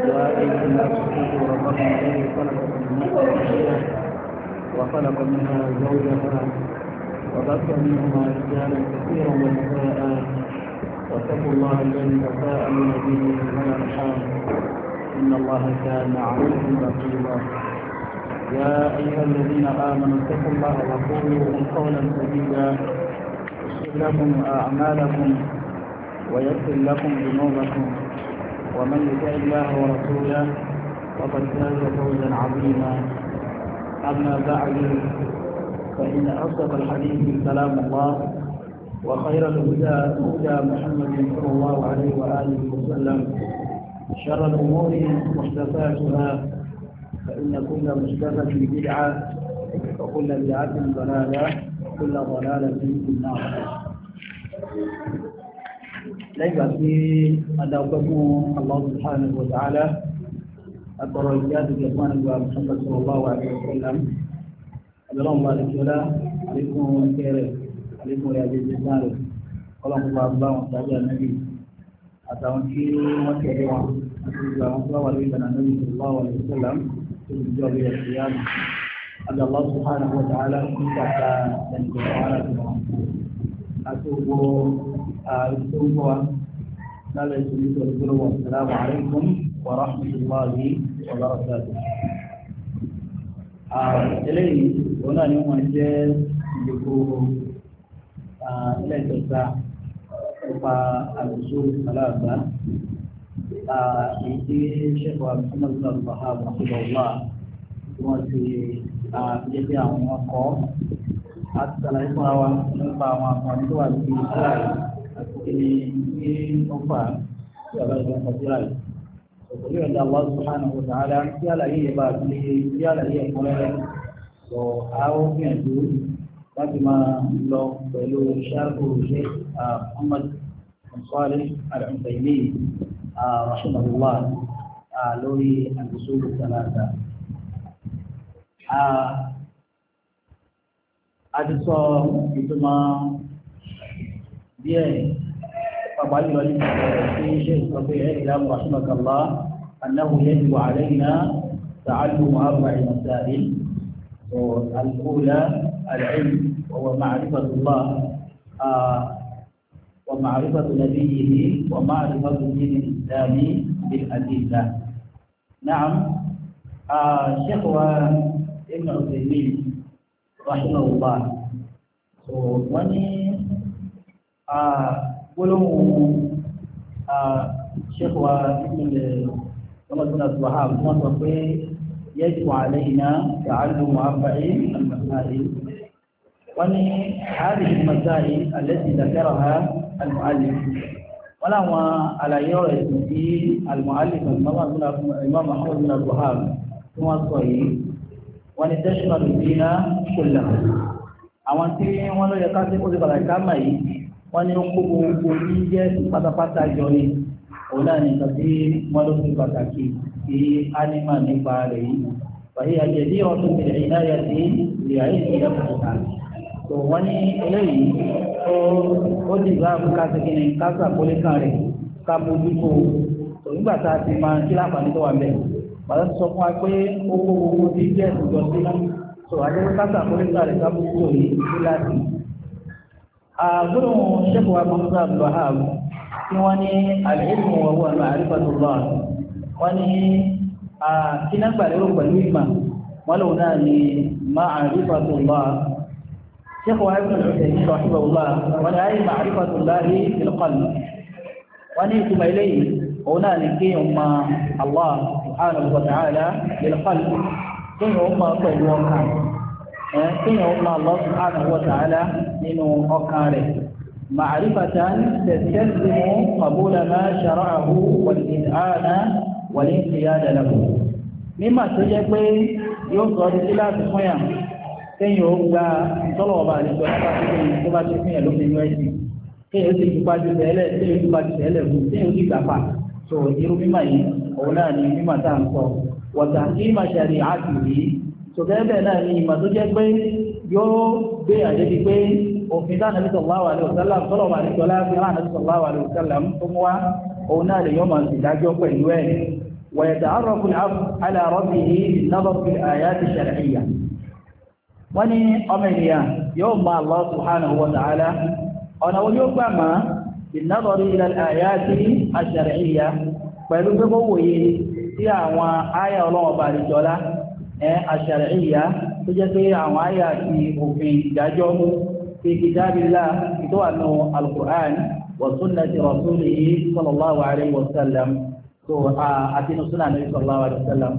وإذ نفسه وقف عليه خلق وخلق منها زوجها وبث منهما رجالا كثيرا ونساء واتقوا الله الذي تساءلون به الأرحام ان الله كان عليكم رقيبا يا ايها الذين امنوا اتقوا الله وقولوا قولا سديدا يصلح لكم اعمالكم ويغفر لكم ذنوبكم ومن يطع الله ورسوله فقد فاز فوزا عظيما اما بعد فان اصدق الحديث كلام الله وخير الهدى هدى محمد صلى الله عليه واله وسلم شر الامور محدثاتها فان كل محدثه بدعه وكل بدعه ضلاله وكل ضلاله في النار lẹ́yìn ìgbà tí adágbẹ́gbọ́n Allahu subhanahu wa ta'ala àtọ̀rọ̀ ìgbà àdúgbò fún àdúgbò Muhammad sallallahu alaihi wa sallam àbẹ̀lọ́ ọmọ àdìsọ́lá àlékún ẹ̀rẹ̀ àlékún rẹ̀ àjẹjẹ sáré kọ́lọ́mù bá bá wọn sábẹ́ ànábì àtàwọn tí wọ́n tẹ̀lé wọn àti ìgbà wọn tó wà lórí ànábì sallallahu alaihi wa sallam tó ti jọ bí ẹ̀sìn yá mi. عبد الله سبحانه وتعالى كنت أتى أن ìṣòwò lálẹ́ ìṣòwò ìṣòwò ìṣòwò wa salamu alaykum wa rahmatulahi wa barakatuh. eléyìí òun náà ni wọ́n jẹ́ ìdìbò ilé ìjọba nípa àlùsù aláàbá èyí tí ṣẹ́kọ̀ àbúkọ́mọ́sí àbúkọ́ àbúkọ́ wọ́n ti jẹ́ bí àwọn ọkọ̀ àti sàlàyé fún wa nípa àwọn àǹfààní tó wà lórí ìṣẹ́ àyè. èyí ní ọfà tí a bá yẹ kọ́ síra yìí òkòlù yẹn dá Allah subhanahu wa ta'ala tí àlàyé yẹn bá ti tí àlàyé yẹn kọ́ lẹ́rẹ́ lọ àwọn gbìyànjú láti máa lọ pẹ̀lú sharhu Sheikh Muhammad Salih Al-Uthaymeen rahimahullah lórí al-usul thalatha a ti sọ ìtumọ̀ díẹ̀ pàápàá jùlọ ní ṣe ń رحمك الله أنه يجب علينا تعلم أربع مسائل الأولى العلم وهو معرفة الله آه، ومعرفة نبيه ومعرفة دين الإسلام بالأدلة نعم الشيخ آه، ابن عثيمين رحمه الله وني gbólóhùn ṣẹ́kọ̀ọ́ ìpínlẹ̀ ọmọdún àti wàhálà wọ́n sọ pé yẹ́jú àlẹ́ iná ṣàánú àbáyé àmàlẹ́ wọ́n ní àárí ìmọ̀sáyé àlẹ́sì ìdàkẹ́rọ̀ ha àlùmọ́álẹ̀ wọ́n láwọn àlàyé ọ̀rọ̀ ẹ̀sìn sí àlùmọ́álẹ̀ ìmọ̀ ọmọdún àti wàhálà tí wọ́n sọ yìí wọ́n ní tẹ́sán àlùmọ́álẹ̀ kò àwọn tí wọ́n lọ yẹ ká ti bàlá ìkámà yìí wọ́n ní ó kó gbogbo ní jẹ́ pátápátá jọ ni òun náà ní nǹkan tí wọ́n ló fi pàtàkì sí ánìmà nípa rẹ̀ yìí wàyí àjẹ̀dí ọ̀tún ìrìn náà yẹ sí ìrìn àyè ìrẹ́pọ̀ tó wọ́n ní eléyìí ó ti gba àbúkà sígi ní kásà kólé kan rẹ̀ ká mójútó tó nígbà tá a ti máa kí láǹfààní tó wà bẹ́ẹ̀ wàá sọ fún wa pé kó gbogbo ní jẹ́ ìjọsìn náà tó àjẹ̀dí kásà kólé kan rẹ̀ ká mójútó yìí àgbọ̀dọ̀ ṣẹ́kọ̀ọ́ wa mọ́tò abdulwahab tí wọ́n ní àlẹ́kùn wọ̀wọ́ àná àríkọ̀tò lọ́n wọ́n ní kí náà gbà lérò pẹ̀lú ìmọ̀ wọ́n lòun náà ní má àríkọ̀tò lọ́n ṣẹ́kọ̀ọ́ wa ibùdó ṣe ní ṣọ́ṣọ́ lọ́n wọ́n ní ayé má àríkọ̀tò láàrí ìlúkọ̀lù wọ́n ní ìtumọ̀ eléyìí òun náà ní kí n ma Allah subhanahu wa ta'ala ìlúkọ̀lù kí n ma pẹ̀lú ọkàn kéèyàn ó máa Allah subhanahu wa ta'ala nínú ọkàn rẹ̀ màálífàtà tẹ̀síẹ̀sì mú àbúlà máa ṣàràhù wàlìdìdàánà wàlìdìdàdàlàbù ya ya. so irú yìí òun náà ni ń sọ wọ̀tà kí àtìrí sọ̀tẹ́ẹ̀bẹ̀ náà ni ìmọ̀ tó jẹ́ pé yóò gbé àdébí pé òfin tá ànábì sallallahu alaihi wasallam tọ́lọ̀ wà ní tọ́lá fi hàn ànábì sallallahu alaihi wasallam tó mú wá òun náà lè yọ mọ̀ sí ìdájọ́ pẹ̀lú ẹ̀ wa yata'arrafu al-'abdu 'ala rabbihi bin-nadar fil-ayat ash-shar'iyyah wọ́n ní ọmọ ènìyàn yóò mọ Allah subhanahu wa ta'ala ọ̀nà wo yóò gbà mọ́ bin-nadar ila-l-ayat ash-shar'iyyah pẹ̀lú pé wòye sí àwọn áyà ọlọ́wọ́ bàrìjọ́lá àṣàríyà tó jẹ́ pé àwọn àyà àti òfin ìdájọ́ mú fi kìtàbílà ìtọ́wànú alukur'an wa sunnati rasulihi sallallahu alayhi wa sallam tó àti nínú súnà nàbí sallallahu alayhi wa sallam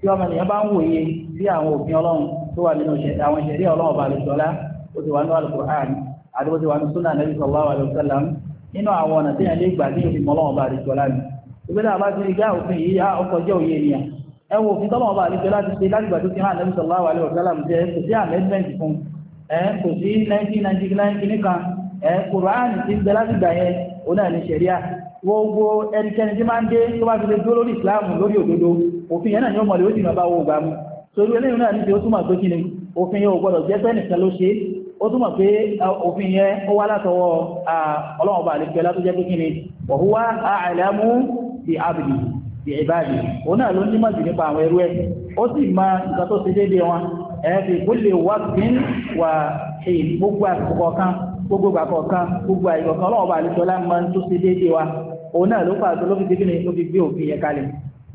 tí ọmọ nìyẹn bá ń wòye sí àwọn òfin ọlọ́run tó wà nínú àwọn ìṣẹ̀lẹ̀ ọlọ́run ọba àlùsọ́lá ó ti wà nínú alukur'an àti ó ti wà nínú súnà nàbí sallallahu alayhi wa nínú àwọn ọ̀nà ẹwọ òfin tọ́lọ̀ ọba àlejò láti ṣe lágbà tó ti hàn lẹ́nu sallallahu alaihi wasallam jẹ́ kò sí amendment fún ẹ kò sí 1999 kìíní kan ẹ kùránì ti gbẹ láti gbà yẹn òun náà ní ṣẹ̀ríà gbogbo ẹnikẹ́ni tí máa ń dé tó bá fi lè dúró lórí ìsìláàmù lórí òdodo òfin yẹn náà ni ó mọ̀lẹ́ ó sì máa bá owó gbà mú torí eléyìí náà ní ti ó túmọ̀ pé kí ni òfin yẹn ò gbọdọ̀ jẹ́ sẹ́nìkan ló ṣe ó túmọ̀ pé òfin yẹn ó wá látọwọ́ ọlọ́run ọba àlejò látó jẹ́ pé kí ni wa huwa a'lamu bi bí ìbáàdì òun náà ló nímọ̀ jù nípa àwọn ẹrú ẹ̀ ó sì mọ nǹkan tó ṣe déédéé wọn ẹ̀ẹ́dì kó lè wá gbìn wà gbogbo àkọ́kọ́ kan gbogbo àkọ́kọ́ kan gbogbo àìkọ̀kan ọlọ́wọ́ bá àlejò ọlá máa ń tó ṣe déédéé wa òun náà ló fàá ló fi débìnrin ló fi gbé òfin yẹn kalẹ̀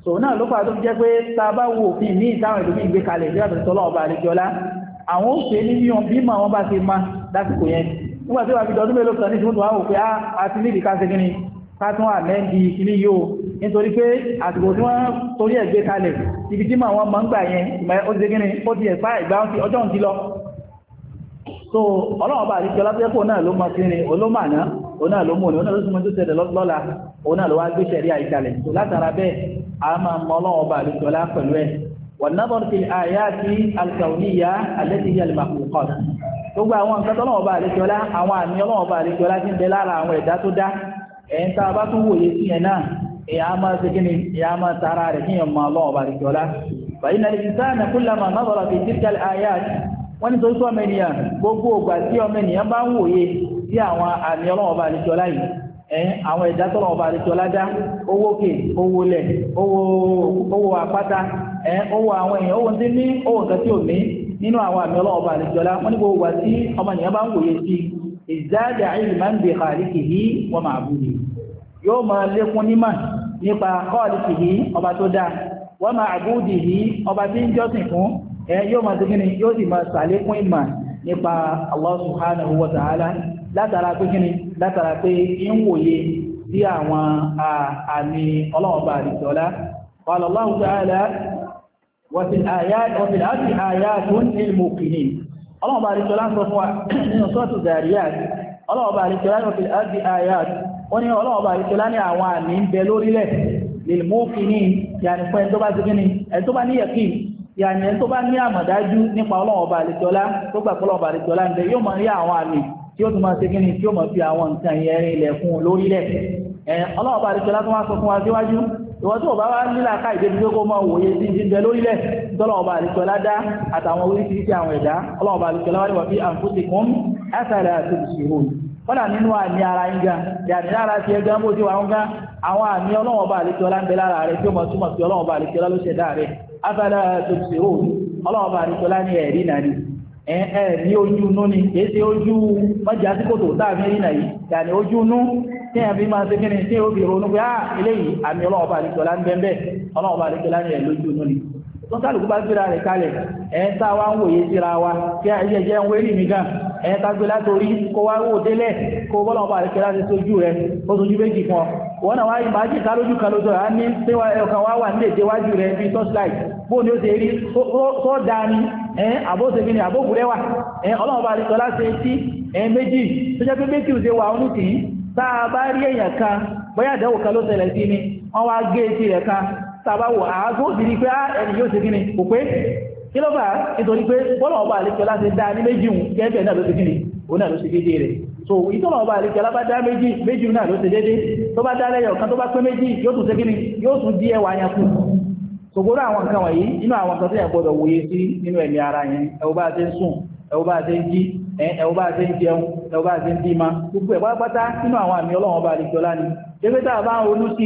so náà ló fàá tó fi jẹ́ pé tá a bá wo òfin míì táwọn ìlú míì gbé kalẹ̀ ìjọba ìtọ́ ọlọ́wọ́ bá àlejò ọlá àwọn òṣè ní bí wọn bí mà wọn bá ṣe ma lásìkò nígbà tí wàá fi dọdún mélòó kan ní ìṣòwò tó wà wò ah, ní ìdíkà nítorí pé àsìkò tí wọ́n torí ẹ̀ gbé kalẹ̀ ibi tí màá wọn máa ń gbà yẹn ìmọ̀ ó ti gíní ó ti ẹ̀fà ìgbà ọjọ́ ti lọ so ọlọ́run bá àríkẹ́ ọlápẹ́pọ̀ náà ló máa kíni olómàná òun náà ló mú òun náà ló súnmọ́ tó tẹ̀lẹ̀ lọ́la òun náà ló wá gbé sẹ̀rí àìkalẹ̀ so látara bẹ́ẹ̀ a máa mọ ọlọ́run bá àríkẹ́ ọlá pẹ̀lú ẹ̀ wọ́n náà bọ́n ti àyà èyàn máa ṣe kí ni èyàn máa tara rẹ̀ kí èyàn máa lọ́wọ́ bá rí jọlá bàyí na ìsáàna kúlàmà nàbọ̀rọ̀ fi tíkàl àyà wọ́n ní tó sọ ọmọ ènìyàn gbogbo ògbà tí ọmọ ènìyàn bá ń wòye sí àwọn àmì ọlọ́wọ́ bá rí jọlá yìí ẹ̀yìn àwọn ẹ̀dá tọ́lọ̀ ọba àdìsọ́lá dá owó kè owó lẹ̀ owó àpáta ẹ̀yìn owó àwọn èèyàn owó tí ní owó nǹkan tí ò ní nínú àwọn àmì ọlọ́wọ́ ọba àdìsọ́lá wọ́n ní gbogbo wà tí ọmọ ènìyàn bá ń wòye sí ìzáàdà ìlú máa ń bè kàrí kìí wọ́n máa bú yóò máa lékún nímà nípa kọ́ọ̀lìkì yìí ọba tó dáa wọ́n máa àbúdì yìí ọba tí ń jọ́sìn fún ẹ yóò máa segin ni yóò sì máa sàlékún ìmà nípa Allah subhanahu wa ta'ala látara pé kíni látara pé ń wòye sí àwọn àmì ọlọ́ọ̀ba àdìsọ́lá qala Allah ta'ala wa fil ayati ayatun lil muqinin ọlọ́ọ̀ba àdìsọ́lá sọ fún wa nínú sọ́ọ̀tù ó ní ọlọ́ọ̀bà ìṣẹ́lá ní àwọn àmì ń bẹ lórílẹ̀ lèmọ́fì ní yàní fún ẹni tó bá ti gíní ẹni tó bá ní yẹ̀kì yàní ẹni tó bá ní àmọ̀dájú nípa ọlọ́ọ̀bà ìṣẹ́lá tí ó bá wá nílà ká ìdébí tó kó máa wòye sí ti lórílẹ̀ tọ́lọ́ọ̀bà àlùkọ́lá dá àtàwọn oríṣiríṣi àwọn ẹ̀dá ọlọ́ọ̀bà àlùkọ́lá wà bí àǹfóṣe kún ẹ́sàlẹ̀ àti ìṣirò kọ́dà nínú àmì ara yín gan yàtí lára ti ẹgbẹ́ bó ti wà ń gan àwọn àmì ọlọ́wọ́n bá àlejò ọlá lára rẹ tí ó mọ̀ túmọ̀ sí ọlọ́wọ́n bá àlejò ọlá ló ṣẹ̀dá rẹ abala tòṣìṣirò ọlọ́wọ́n bá àlejò ọlá ní ẹ̀rí náà ni ẹ̀ ẹ̀ ní ojú ni kì í ṣe ojú mọ́jà a fi máa ṣe kíni tí ó fi ronú tó sálùkú bá gbéra rẹ̀ kalẹ̀ ẹ̀ẹ́ta wá ń wòye síra wa kí ẹjẹ́ ń wérí mi gan ẹ̀ẹ́ta gbé látorí kó wá wò délẹ̀ kó bọ́lọ̀ bá rẹ̀ kẹ́lá ti sójú rẹ̀ ó sojú méjì fún ọ wọ́n náà wáyé máa jìká lójú kan lójú rẹ̀ á ní pé ọkàn wá wà ní èdè wájú rẹ̀ bí torchlight bó ni ó ṣe rí tó dáa ni ẹ̀ àbóṣebí ni àbókùrẹ́wà rẹ̀ wà ọ́nùtì tá rẹ̀ kan tàbáwò àágó ìdí pé ah, ẹni yóò ṣe gíní kò pé kí ló bá nítorí pé bọ́lá ọba àlékẹ́lá ti dá ní méjì hùn gẹ́gẹ́ náà ló ṣe gíní òun náà ló ṣe dédé rẹ̀ so ìtọ́nà ọba àlékẹ́lá bá dá méjì méjì náà ló ṣe dédé tó bá dá lẹ́yọ̀ kan tó bá pé méjì yóò tún ṣe gíní yóò tún dí ẹwà yẹn kù sògbóró àwọn nǹkan wọ̀nyí inú àwọn nǹkan tó yẹ gbọdọ̀ wòye sí nínú ẹ̀mí ara yẹn ẹ̀wọ́ bá ti ń sùn ẹ̀wọ́ bá ti ń jí ẹ̀wọ́ bá ti ń jẹun ẹ̀wọ́ bá ti ń bímọ gbogbo ẹ̀ pátá nínú àwọn àmì ọlọ́run ọba àlejò ọlá ni ṣé pé tá a bá ń ronú sí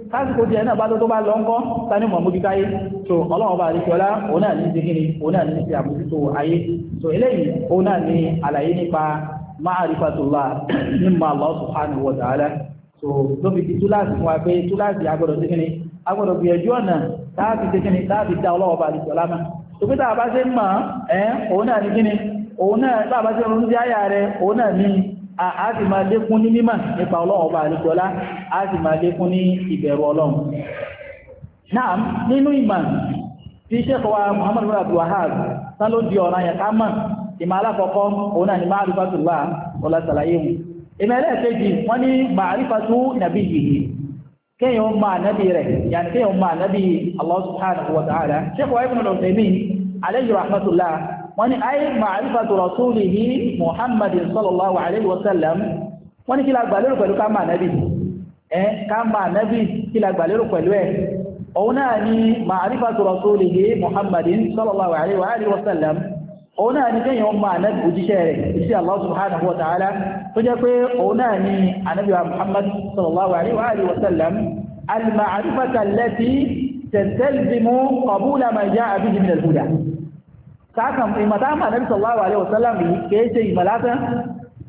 tásìkò díẹ̀ náà bá tó tó bá lọ ń kọ́ tani mọ̀ mójú káyé so ọlọ́run bá àríkẹ́ ọlá òun náà ní ti kíni òun náà ní ti àmójútó ayé so eléyìí òun náà ní àlàyé nípa ma'arifatullah nípa Allah subhanahu wa ta'ala so ló fi ti túláàsì fún wa pé túláàsì agbọ́dọ̀ ti kíni agbọ́dọ̀ gbìyànjú ọ̀nà táàfi ti kíni táàfi dá ọlọ́run bá àríkẹ́ ọlá mọ́ so pé táà bá ṣe a sì máa lékún ní mímọ̀ nípa ọlọ́run ọba àlejọ́lá a sì máa lékún ní ìbẹ̀rù ọlọ́run náà nínú ìmọ̀ tí Sheikh wa Muhammad bin Abdul Wahhab tán ló di ọ̀ràn yẹn ká mọ̀ ìmọ̀ alákọ̀ọ́kọ́ òun náà ni ma'rifatullah ọlá sàlàyé wọ́n ní ma'rifatu nabiyyihi kéèyàn ma nabi rẹ̀ yàní kéèyàn ma nabi Allah subhanahu wa ta'ala Sheikh wa Ibn Uthaymeen alayhi rahmatullah wọ́n ní ayé ma'arifatu rasulihi muhammadin sallallahu alaihi wasallam wọ́n ní kí la gbàlérò pẹ̀lú ká máa nábì ẹ ká máa nábì kí la gbàlérò pẹ̀lú ẹ̀ òun náà ni ma'arifatu rasulihi muhammadin sallallahu alaihi wasallam òun náà ni kéèyàn máa nábì òjíṣẹ́ rẹ̀ sí allah subhanahu wa ta'ala tó jẹ́ pé قبول ما جاء به من الهدى sáàkàn ìmọ̀tàmà nabi sallallahu alaihi wasallam yìí kìí ṣe ìmọ̀ lásán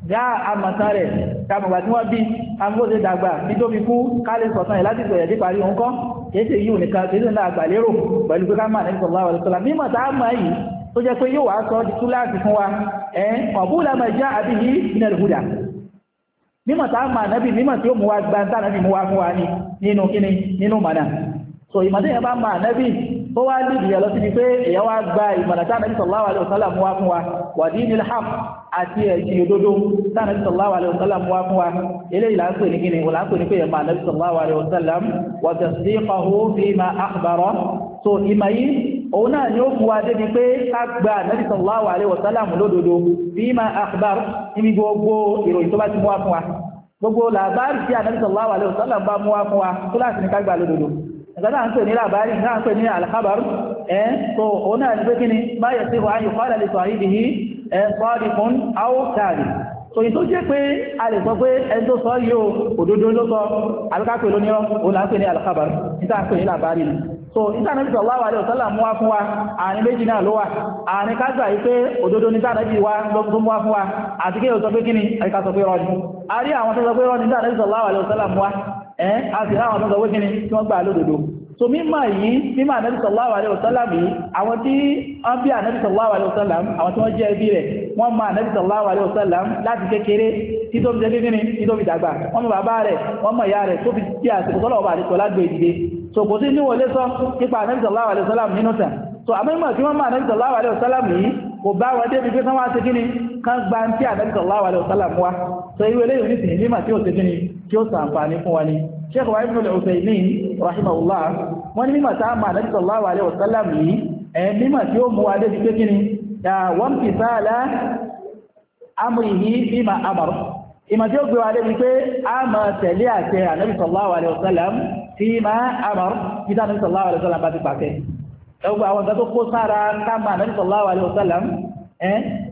já àmọ̀tán rẹ̀ kàmùgbà tí wọ́n bí amúgbòsè dàgbà bí tó fi kú kálẹ̀ sọ̀tàn ẹ̀ láti sọ̀yẹ̀ dé parí òun kọ́ kìí ṣe yíò nìkan kìí ṣe náà àgbà lérò pẹ̀lú pé káàmà sallallahu alaihi wasallam mímọ̀ táàmà yìí tó jẹ́ so yóò wá sọ di túláàsì fún wa ẹ̀ ọ̀bùlà mà já àbí yìí nínú ẹ̀lùkúdà mímọ̀ táàmà nàbí mímọ̀ tí ó mú wa gbantá nàbí mú wa fún wa ní nínú kíni nínú mọ̀nà so ìmọ̀tẹ́yìn bá mà nàbí ó wá ní ìdíyà lọ síbi pé èyàn wá gba ìmọ̀lá tí Ànábì sallallahu alaihi wasallam wá fún wa wà ní ní hàm àti ẹ̀sìn òdodo tí Ànábì sallallahu alaihi wasallam wá fún wa eléyìí là ń pè ní kíni wọ́n là ń pè ní pé ìmọ̀ Ànábì sallallahu alaihi wasallam wa tasdiqahu fima akhbara so ìmọ̀ yìí òun náà ni ó gbogbo ìròyìn tí Ànábì sallallahu bá mú wa fún wa tó láti ní ká gbà lódodo ìgbàdá ń pè ní làbárì náà ń pè ní alhabar ẹ́ tó òun náà ní pé kí ni má yẹ̀ sí wàá yìí kọ́lá lè sọ àyíbi yìí ẹ̀ sọ́ọ́dì fún áwò káàdì tó yìí tó jẹ́ pé a lè sọ pé ẹni tó sọ yìí o òdodo ló sọ àbíkápẹ́ lóní ọ́ òun là ń pè ní alhabar níta ń pè ní làbárì ni so níta nàbí sọ̀lá wà lẹ́wọ̀ sọ́là mú wá fún ẹ́ a sì ráwọn tó sọwọ́ kíni tí wọ́n gbà lódodo so mímọ̀ yìí mímọ̀ ànábì sallallahu alaihi wasallam yìí àwọn tí wọ́n bí ànábì sallallahu alaihi wasallam àwọn tí wọ́n jẹ́ ẹbí rẹ̀ wọ́n mọ̀ ànábì sallallahu alaihi wasallam láti kékeré tí tó fi jẹ́ kíni tí tó fi dàgbà wọ́n mọ̀ bàbá rẹ̀ wọ́n mọ̀ ìyá rẹ̀ tó fi tí àsìkò tọ́lọ̀ ọba àdìsọ lágbè ìdìde so kò sí níwọlé sọ nípa ànábì sallallahu alaihi nínú tàn so àmọ́ ìmọ̀ tí wọ́n mọ̀ ànábì sallallahu alaihi wasallam yìí kò bá wọn débi pé kán wá ṣe kíni kan gba ń tí àdájú sallallahu alaihi wasallam wa sọ irú eléyìí ní tìǹbì mà tí ó ti dín ní tí ó sàǹfààní fún wa ni sheikh wa ibn al-usaymin rahimahullah wọ́n ní mímọ̀ tá a mọ̀ àdájú sallallahu alaihi wasallam yìí ẹ̀ mímọ̀ tí ó mú wa débi pé kí ni wọ́n ti sáàlá amrihi bima amara ìmọ̀ tí ó gbé wa débi pé a mọ̀ tẹ̀lé àṣẹ ànábì sallallahu alaihi wasallam bima amara bí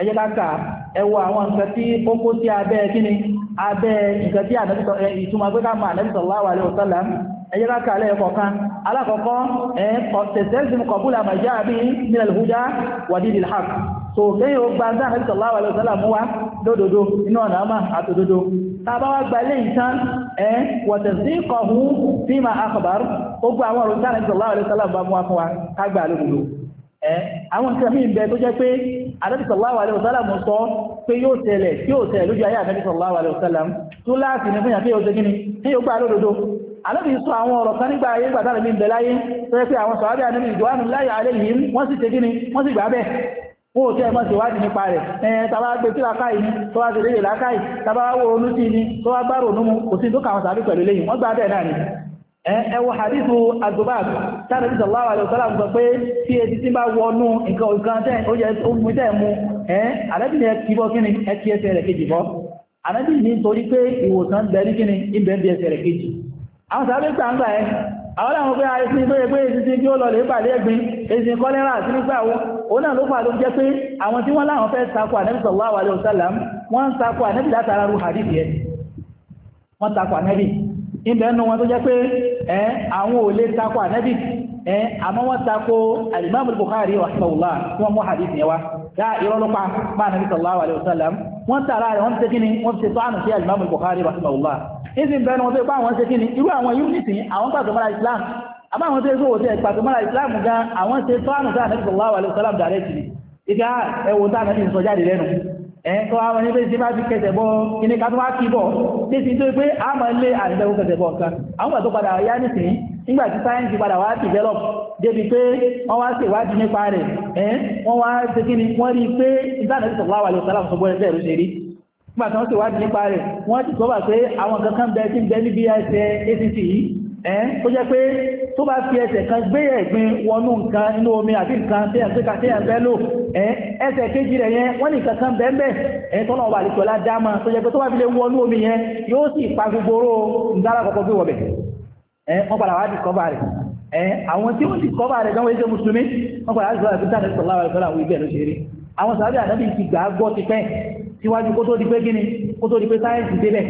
ẹjẹ́ káka ẹwọ àwọn nǹkan tí ó kó sí abẹ́ kíni abẹ́ nǹkan tí ìtumọ̀ pé ká máa Ànábì sallallahu alaihi wasallam ẹjẹ́ káka alẹ́ kọ̀ọ̀kan alákọ̀ọ́kọ́ tẹ̀sẹ̀sìn kọ̀búlà màjá àbí nílẹ̀ lùhúdá wà dídì hàk so lẹ́yìn ó gba sáà Ànábì sallallahu alaihi wasallam mú wa lódodo inú ọ̀nà àmà àtòdodo tàbá wá gba lẹ́yìn tán ẹ àwọn ọ̀rọ̀ sáà tó jẹ́ pé Ànábì sallallahu alaihi wasallam sọ pé yóò tẹ̀lẹ̀ tí yóò tẹ̀lẹ̀ lójú ayé Ànábì sallallahu alaihi wasallam tó láti ní fúnyà pé yóò tẹ́gíní tí yóò gbà lódodo Ànábì sọ àwọn ọ̀rọ̀ kan nígbà ayé gbàtà mi bẹ̀ láyé tó yẹ pé àwọn sọ̀rọ̀ bí Ànábì ìjọwánu láyé alẹ́ yìí wọ́n sì tẹ́gíní wọ́n sì gbà bẹ́ẹ̀ wọ́n ò tẹ́ ẹmọ́ sí wádìí nípa rẹ̀ ẹ̀yẹn tàbá gbé tí ẹwọ hadithu azubab tánà bí sallallahu alaihi wasallam sọ pé tí etí tí bá wọnú nǹkan òkan tẹ́ ó jẹ́ ohun tẹ́ mú ndị ànábì ni ndị kíni ẹkì ndị rẹ̀ kejì ndị ànábì ni torí pé ìwòsàn bẹ̀rí kíni ìbẹ̀ bí ẹsẹ̀ rẹ̀ kejì àwọn ẹ àwọn lọ lè èsì kọ́lẹ́rà òun náà ló ìbẹ̀ ẹnu wọn tó jẹ́ pé ẹ àwọn ò lè takò ànábì ẹ àmọ́ wọ́n takò alimami Bukhari rahimahullah tí wọ́n mú hadith yẹn wá yá ìrọ́lọ́pá bá ànábì sallallahu alayhi wa sallam wọ́n tààrà rẹ̀ wọ́n ti kíni wọ́n ti tọ́nù sí alimami Bukhari rahimahullah ìsìn bẹ́ẹ̀ ni wọ́n tó pa àwọn ṣe irú àwọn unity àwọn pàtó mọ́ra Islam àmọ́ àwọn tó ń sọ̀rọ̀ sí pàtó mọ́ra Islam gan àwọn ṣe tọ́nù sí ànábì sallallahu alayhi wa sallam dàrẹ́tì ìgbà ẹ̀wọ̀n tá ànábì ẹ̀ẹ́kọ́ àwọn ẹni pé ṣe bá ti kẹsẹ̀ bọ́ kíní ká tó wá kí bọ̀ tí ti tó pé a máa lé àrẹ̀lẹ́wọ́ kẹsẹ̀ bọ̀ kan àwọn ìgbà tó padà yá nìsín nígbà tí sáyẹ́ǹsì padà wá develop débi pé wọ́n wá ṣèwádìí nípa rẹ̀ ẹ́ wọ́n wá ṣe kíni wọ́n rí i pé ìdáná ti sọ̀rọ̀ àwàlẹ̀ ọ̀sán àmọ́ bọ́ẹ̀ bẹ́ẹ̀ ló ṣe rí nígbà tí wọ́n ṣèwádìí nípa rẹ̀ wọ́n ti sọ́bà pé àwọn kankan bẹ tí ń bẹ níbi ẹsẹ̀ acc yìí ẹ́ tó jẹ́ pé tó bá fi ẹsẹ̀ kan gbé ẹ̀gbin wọnú nǹkan inú omi àbí nǹkan téèyàn gbé kan téèyàn fẹ́ lò ẹsẹ̀ kejì rẹ̀ yẹn wọ́n ní kankan bẹ́ẹ̀ ẹ̀ tọ́nà ọba àlìkọ́lá dáama tó jẹ́ pé tó bá fi lè wọnú omi yẹn yóò sì pa gbogbo oró nǹkan àkọ́kọ́ gbé wọ̀bẹ̀ wọ́n padà wá di kọ́ba rẹ̀ àwọn tí wọ́n ti kọ́ba rẹ̀ gan-an wọ́n ṣe mùsùlùmí wọ́n padà wá di kọ́ba rẹ̀ àwọn sàbẹ̀ àdábì ti gbà á gbọ́ ti pẹ́ síwájú kó tó di pé gíní kó tó di pé sáyẹ́ǹsì débẹ̀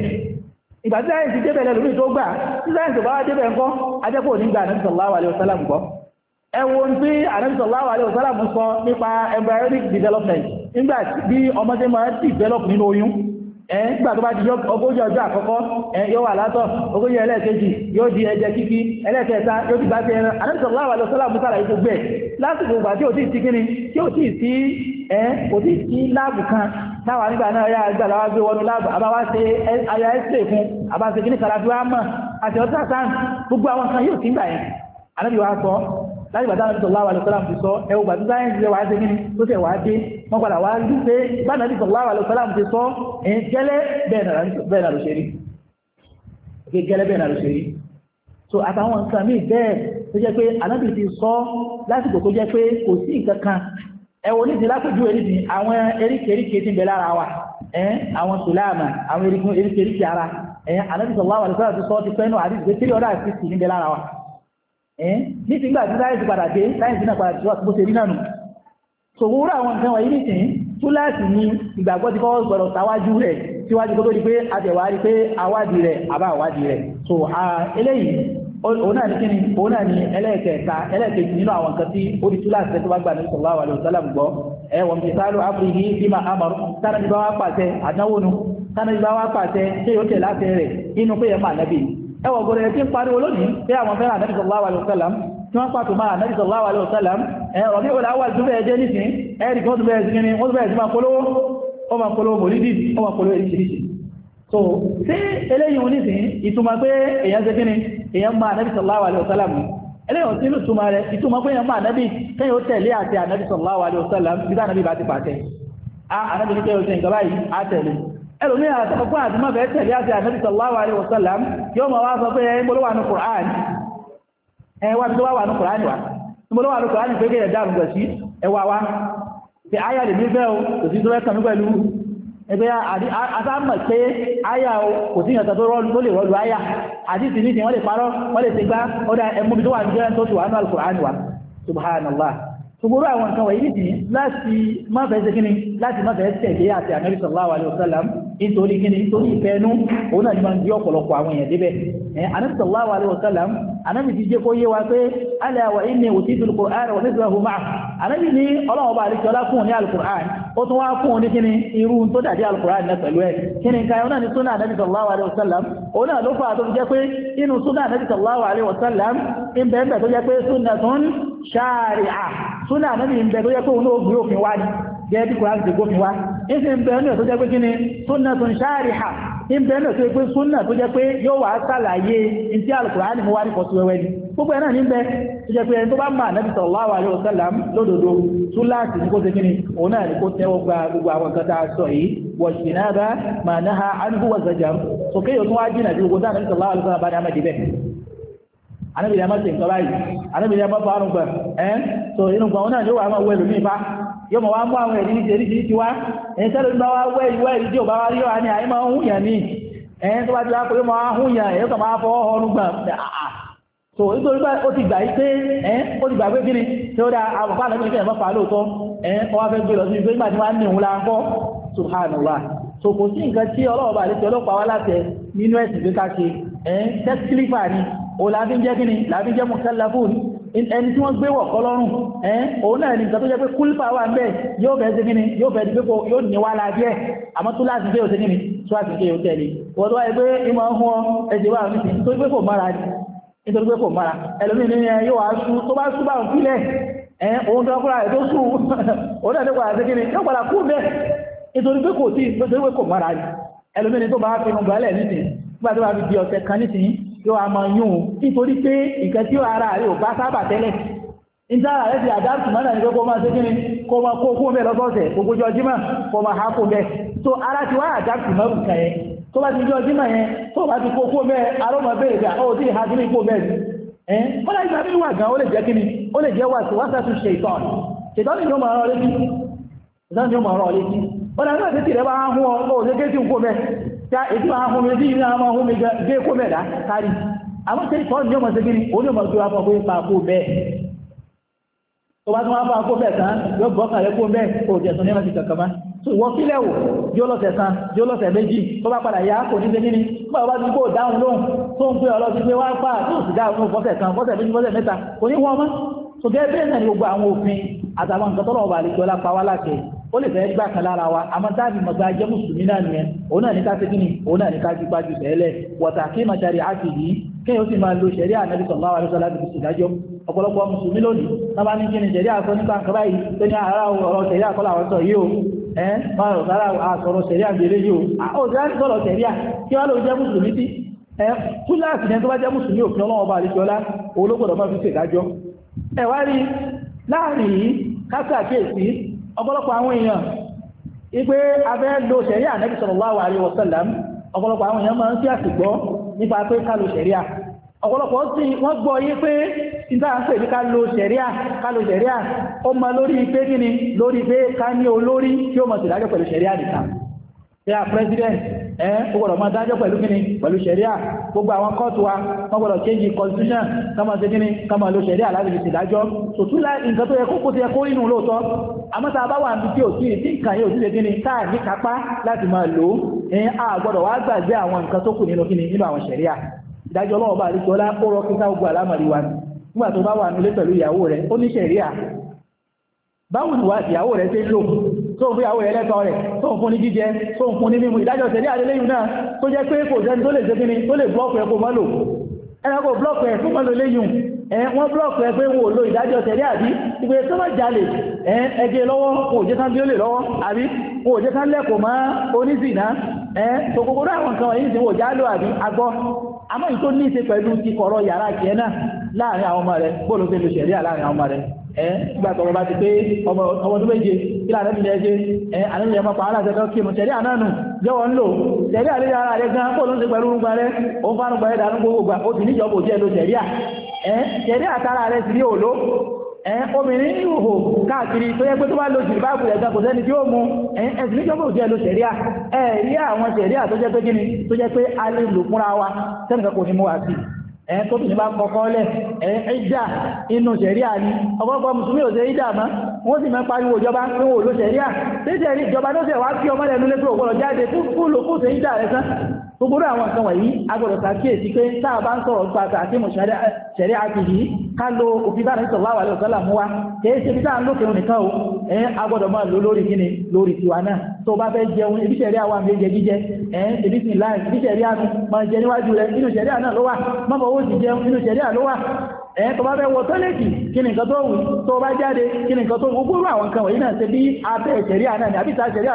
ìgbà tí sáyẹ̀nsì débẹ̀ lẹ́nu mi tó gbà tí sáyẹ̀nsì bá wá débẹ̀ ńkọ́ ajẹ́kọ̀ọ́ nígbà Ànábì sallallahu alaihi wasallam gbọ́ ẹ wo ń pé Ànábì sallallahu alaihi sọ nípa embryonic development nígbà bí ọmọdé máa develop nínú oyún ẹ̀ẹ́gbà tó bá ti ogójì ọjọ́ àkọ́kọ́ yóò wà látọ̀ ogójì ẹlẹ́ẹ̀kejì yóò di ẹ̀jẹ̀ kíkí ẹlẹ́ẹ̀kẹta yóò ti bá ti ẹran Ànábì sallallahu alaihi wasallam mú sára ikú gbẹ̀ lásìkò ìgbà tí ò tí ì sí kíni tí ò tí ì sí ẹ́ kò tí sí láàbù kan táwà nígbà náà yá gbà láwá gbé wọnú láàbù àbáwá ṣe aya ẹ́sẹ̀ fún àbáṣe kí ní kàlàfí wá mọ̀ àti ọ̀tá sáà gbogbo àwọn kan yóò sí gbà yẹn anábì wa sọ láti bàtà nàbì sallallahu alaihi wasallam ti sọ ẹwù bàtà sáyẹnsì rẹ wàá ṣe kí ni tó tẹ̀ wàá dé wọn padà wàá rí pé bá nàbì sallallahu alaihi wasallam ti sọ ẹ̀yìn gẹ́lẹ́ bẹ́ẹ̀ náà ló ṣe rí gẹ́gẹ́lẹ́ bẹ́ẹ̀ náà ló ṣe rí so àtàwọn nǹkan míì bẹ́ẹ̀ tó jẹ́ pé anábì ti sọ lásìkò tó jẹ́ pé kò sí nǹkan kan ẹ̀wọ̀n oníṣẹ́ lápẹ̀jú eríṣi àwọn eríkèríkè ti ń bẹ lára wa àwọn sùlámà àwọn eríkèríkè ara Ànábì sallallahu alaihi wasallam ti sọ ti pẹ́nu àdìsí pé tírí ọ̀dà àti sì ń bẹ lára wa ní ti gbà tí sáyẹ̀nsì padà dé sáyẹ̀nsì náà padà tí wọ́n rí náà sòwúrò àwọn nǹkan wọ̀nyí nìsín túláàsì ni ìgbàgbọ́ ti kọ́kọ́ òun náà ní kíni òun náà ní ẹlẹ́ẹ̀kẹta ẹlẹ́ẹ̀kejì nínú àwọn nǹkan tí ó di túláàsì tẹ́tí wá gbà ní sallallahu alaihi wasallam gbọ́ ẹ wọ́n fi sáálù áfíríkì bímọ amọ̀rún sára ní bá wá pàṣẹ àdánwò nu sára ní bá wá pàṣẹ ṣé yóò tẹ̀ láti rẹ̀ inú pé yẹn máa nẹ́bì ẹ wọ́n gbọ́dọ̀ ẹtí ń pariwo lónìí pé àwọn fẹ́ràn ànábì sallallahu alaihi wasallam tí wọ́n pàtó máa ànábì sallallahu alaihi wasallam ẹ ọ̀dí ìwòlá wà tún bẹ́ẹ̀ jẹ́ nísìnyí ẹ̀ẹ́dì kan tún bẹ́ẹ̀ sí ni wọ́n tún so ṣé eléyìí wọn nísìn ìtumọ̀ pé èèyàn ṣe kíni èèyàn máa wasallam eléyìí wọn sínú ìtumọ̀ rẹ̀ ìtumọ̀ pé èèyàn máa ànábì kéèyàn ó tẹ̀lé àti wasallam bí bá ti a ànábì ní kéèyàn ṣe nǹkan báyìí á tẹ̀lé ẹlòmíì àtọ́kọ́ àti wasallam ẹgbẹ́ àtàmọ̀ pé àyà kò sí ìyàtọ̀ tó rọ́lù tó lè rọ́lù àyà àdìsí ní ti wọ́n lè parọ́ wọ́n lè ti gbá ọdá ẹmúbi tó wà ní jẹ́rẹ́ tó ti wà ní al subhanallah ṣùgbọ́n àwọn nǹkan wọ̀nyí nìyí láti má láti má fẹ́ tẹ̀lé àti Ànábì sallallahu alaihi wasallam nítorí kíni nítorí ìfẹ́nu òun náà ni máa ń di ọ̀pọ̀lọpọ̀ àwọn èèyàn débẹ̀ Ànábì sallallahu alaihi wasallam Ànábì ti jẹ́ kó yé wa pé ala wa inni utitu al-Qur'ana wa mithluhu ma'ahu Ànábì ní ọlọ́wọ́ bá àríkẹ́ ọlá fún ní al-Qur'an ó tún wá fún ní kíni irú tó dàdí al-Qur'an náà pẹ̀lú ẹ̀ kíni nǹkan ọ̀nà ni súnà Ànábì sallallahu alaihi wasallam òun náà ló fà tó jẹ́ pé inú súnà Ànábì sallallahu alaihi wasallam ń bẹ̀ tó jẹ́ pé sunnatun shari'ah súnà Ànábì ń bẹ̀ tó jẹ́ pé òun ló gbé òfin wá ní gẹ́gẹ́ bí kòrán ti gófin wá ìsìn ń bẹ̀rẹ̀ náà tó jẹ́ pé kí ni súnà tó ń ṣáàrì hà ń bẹ̀rẹ̀ náà tó jẹ́ pé súnà tó jẹ́ pé yóò wá sàlàyé ìdí alùkùránì mú wá ní pọ̀tù wẹ́wẹ́ ni gbogbo ẹ̀ náà ní bẹ tó jẹ́ pé ẹni tó bá mà nẹ́bí sallallahu alaihi wasallam lódodo túláàsì ní kó ṣe kí ni òun náà ní kó tẹ́wọ́ gba gbogbo àwọn nǹkan tá a sọ yìí wọ̀ṣì yóò mọ̀ wá mú àwọn ẹ̀rí níṣẹ́ níṣẹ́ ti wá ẹ̀yìn sẹ́lẹ̀ ní bá wá wẹ́ ìwẹ́ ìrí tí ò bá wá rí ọ̀hání àyè máa ń hùn yàn ní ẹ̀yìn tó bá ti wá pé yóò máa hùn yàn máa fọ́ ọrùn gbà àà so tẹ́sílífà ni òun làá jẹ́ kíni làá fi ń jẹ́ mọ̀kálàfóònù ẹni tí wọ́n gbé wọ̀ kọ́ lọ́rùn ẹ́n òun náà ní nǹkan tó jẹ́ pé kúlípà wà bẹ́ẹ̀ yóò fẹ́ ṣe kíni yóò fẹ́ dípò yóò ní wá láàbí ẹ̀ àmọ́ tó láti gbé òṣè kíni tó láti gbé òṣè ni wọ́n tó wáyé pé ìmọ̀ ọ̀hún ẹ̀jẹ̀ wà ní nítorí pé kò mára nítorí pé kò mára ẹlòmíì ní yóò wá sú tó bá sú bá òun fílẹ̀ ẹ̀ òun tó kúra ẹ̀ tó sú òun náà ní padà ṣe kíni yóò padà kú bẹ́ẹ̀ nítorí pé kò tí nítorí pé kò mára ẹlòmíì ní tó bá fi nù gbálẹ̀ nísìnyí nígbà tó bá fi di ọ̀sẹ̀ kan nísìnyí yóò àmọ́ yún un nítorí pé nǹkan tí ara rẹ̀ ò bá sábà tẹ́lẹ̀ níta rẹ̀ ti àdáàtù mọ́nà ní gbogbo máa ṣe kí ni kó máa kó fún bẹ́ẹ̀ lọ́sọ̀ọ̀sẹ̀ gbogbo jọ kó máa hákó tó ara ti wá àdáàtù mọ́ nǹkan yẹn tó bá ti jọ yẹn tó bá ti kó fún bẹ́ẹ̀ arọ́mọ bẹ́ẹ̀ gbà ó ti ha sí ní kó bẹ́ẹ̀ ìgbà nínú wà gan ó lè jẹ́ kí ni ó lè jẹ́ wà sí ni máa ta ètò àwọn ọmọ ẹbí náà máa hún mi gbé kó mẹ́ta kárí àmọ́ ṣe ìtọ́ ní ọmọ ṣẹ́giri oní ọmọ tó wá fún ọkùnrin pàkó bẹ́ẹ̀ tó bá tún wá fún ọkùnrin bẹ́ẹ̀ tán yóò gbọ́ kàlẹ́ kó bẹ́ẹ̀ kó o tẹ̀sán ní ẹ̀mẹ́sì kankan máa tó wọ́n sílẹ̀ wò yóò lọ́sẹ̀ kan yóò lọ́sẹ̀ méjì tó bá padà yá kò ní ṣẹ́giri nígbà tó bá ti kó dáhùn lóhùn tó ń pè ọlọ́sí pé wá fà tó sì dáhùn lóhùn fọ́sẹ̀ kan fọ́sẹ̀ méjì fọ́sẹ̀ mẹ́ta kò ní wọ́n mọ́ so gẹ́gẹ́ bẹ́ẹ̀ náà ni gbogbo àwọn òfin àtàwọn nǹkan tọ́lọ̀ ọba àlejò ọlá pa wá láṣẹ ó lè fẹ́ gbà kan lára wa àmọ́ táàbì mọ̀gbà jẹ́ mùsùlùmí náà nìyẹn òun náà ní ká sí kíni òun náà ní ká gbígbá jù tẹ́lẹ̀ wọ̀tà kí mà ṣàrí àti yìí kéèyàn ó sì máa lo ṣẹ̀rí ànábì sallallahu alaihi wasallam láti fi ṣèdájọ́ ọ̀pọ̀lọpọ̀ mùsùlùmí lónìí náà bá ní kíni ṣẹ̀rí àsọ nípa nǹkan báyìí tó ní ara ọ̀rọ̀ ṣẹ̀rí àkọlà àwọn sọ yìí o ẹ́ máa rọ̀ sára àsọ̀rọ̀ ṣẹ̀rí àgbèrè yìí o ó ti láti sọ̀rọ̀ ṣẹ̀rí à kí wá ló jẹ́ mùsùlùmí sí ẹ kúláàsì ní tó bá jẹ́ mùsùlùmí òfin ọlọ́wọ́ bá àlejòọlá ológbòdò máa ọ̀pọ̀lọpọ̀ àwọn èèyàn ipé abẹ́ lo sẹ̀ríà nẹ́bí sallallahu alaihi wasallam ọ̀pọ̀lọpọ̀ àwọn èèyàn máa ń sí àsìgbọ́ nípa pé ká lo sẹ̀ríà ọ̀pọ̀lọpọ̀ sí wọ́n gbọ́ yí pé ìta ń pè ní ká lo sẹ̀ríà ká lo sẹ̀ríà ó ma lórí pé kí ni ẹ́ ó gbọ́dọ̀ máa dájọ́ pẹ̀lú kíni pẹ̀lú ṣẹ̀ríà gbogbo àwọn kọ́ọ̀tù wa wọ́n gbọ́dọ̀ kéjì constitution kama ṣe kíni kama lo ṣẹ̀ríà láti fi ṣèdájọ́ tòtú láì nǹkan tó yẹ kókó tó yẹ kó nínú lóòótọ́ àmọ́ tá a bá wà ní tí ò tí ì tí nǹkan yóò ti ṣe kíni táà ní kápá láti máa lò ó a gbọ́dọ̀ wá gbàgbé àwọn nǹkan tó kù nínú kíni nínú àwọn ṣẹ̀ríà ìdájọ́ ọlọ́wọ́ bá àdíjọ́ ọlá ó rọ kíkà ogun àlámàrí wa nígbà tó bá wà nílé pẹ̀lú ìyàwó rẹ̀ ó ní ṣẹ̀ríà báwo ni ìyàwó rẹ̀ ṣe lò tó ń fún ìyàwó rẹ̀ lẹ́tọ̀ọ́ rẹ̀ tó ń fún ní jíjẹ tó ń fún ní mímu ìdájọ́ tẹ̀lé àdéléyìn náà tó jẹ́ pé kò sẹ́ni tó lè ṣekíní tó lè blọ́ọ̀kù ẹ̀kọ́ mọ́lò ẹ̀kọ́ blọ́ọ̀kù ẹ̀kọ́ mọ́lò léyìn ẹ̀ wọ́n blọ́ọ̀kù ẹ̀ pé wọn ò lo ìdájọ́ tẹ̀lé àbí ìgbé tó má jalè ẹ̀ẹ́gẹ́ e lọ́wọ́ kò jẹ́ tán bí ó lè lọ́wọ́ àbí kò jẹ́ tán lẹ́kọ̀ọ́ mọ́ oníṣìná ẹ̀ tòkòkòrò àwọn kan wọ̀nyí ti wò jálò àbí agbọ́ àmọ́ ìtò ní ìṣe pẹ̀lú ti yàrá ìkẹ́ náà láàrin àwọn ọmọ rẹ̀ bóòlù tó lè àwọn ọmọ rẹ̀ ẹ́ nígbà tọrọ bá ti pé ọmọ tó méje kí láàrin mi lẹ́jẹ́ ẹ́ àlejò ẹ̀mọ́ pàálà ṣẹ̀kọ́ kí mo ṣẹ̀rí ànánù jẹ́wọ́ ń lò rẹ̀ gan bóòlù obìnrin ní ìhò káàkiri tó yẹ pé tó bá lo jìlìbáàbù ẹ̀gbẹ́ kò sẹ́ni tí ó mú ẹ̀sìn níjọba ò jẹ́ lo ṣẹ̀ríà ẹ̀rí àwọn sẹ̀ríà tó jẹ́ pé tó jẹ́ pé a lè lò wa sẹ́nìkan kò ní mú ẹ̀ tó tún ní bá kọ́kọ́ lẹ̀ ẹ̀ ìjà inú ni ọgọ́gọ́ mùsùlùmí ò ṣe ìjà mọ́ wọ́n sì máa ń a gbọ́dọ̀ pé tá a bá ń sọ̀rọ̀ nípa àti àti ká lo òfin dára ní sallallahu alaihi wasallam mú wa kìí ṣe bídá lókè òun nìkan o ẹ agbọ́dọ̀ máa lò lórí kíni lórí tiwa náà tó o bá fẹ́ jẹun ibi ṣẹ̀rí àwọn àmì oúnjẹ jíjẹ ẹ ibi sì láì ibi ṣẹ̀rí àánú máa jẹ níwájú rẹ inú ṣẹ̀rí àná ló wà mọ́mọ́ owó ti jẹun inú ṣẹ̀rí àná ló wà ẹ tó bá fẹ́ wọ tọ́lẹ̀tì kí ni nǹkan tó wù tó bá jáde kí ni nǹkan tó wù gbogbo àwọn nǹkan wọ̀nyí náà ṣe bí abẹ́ ṣẹ̀rí àná ni àbí ìta ṣẹ̀rí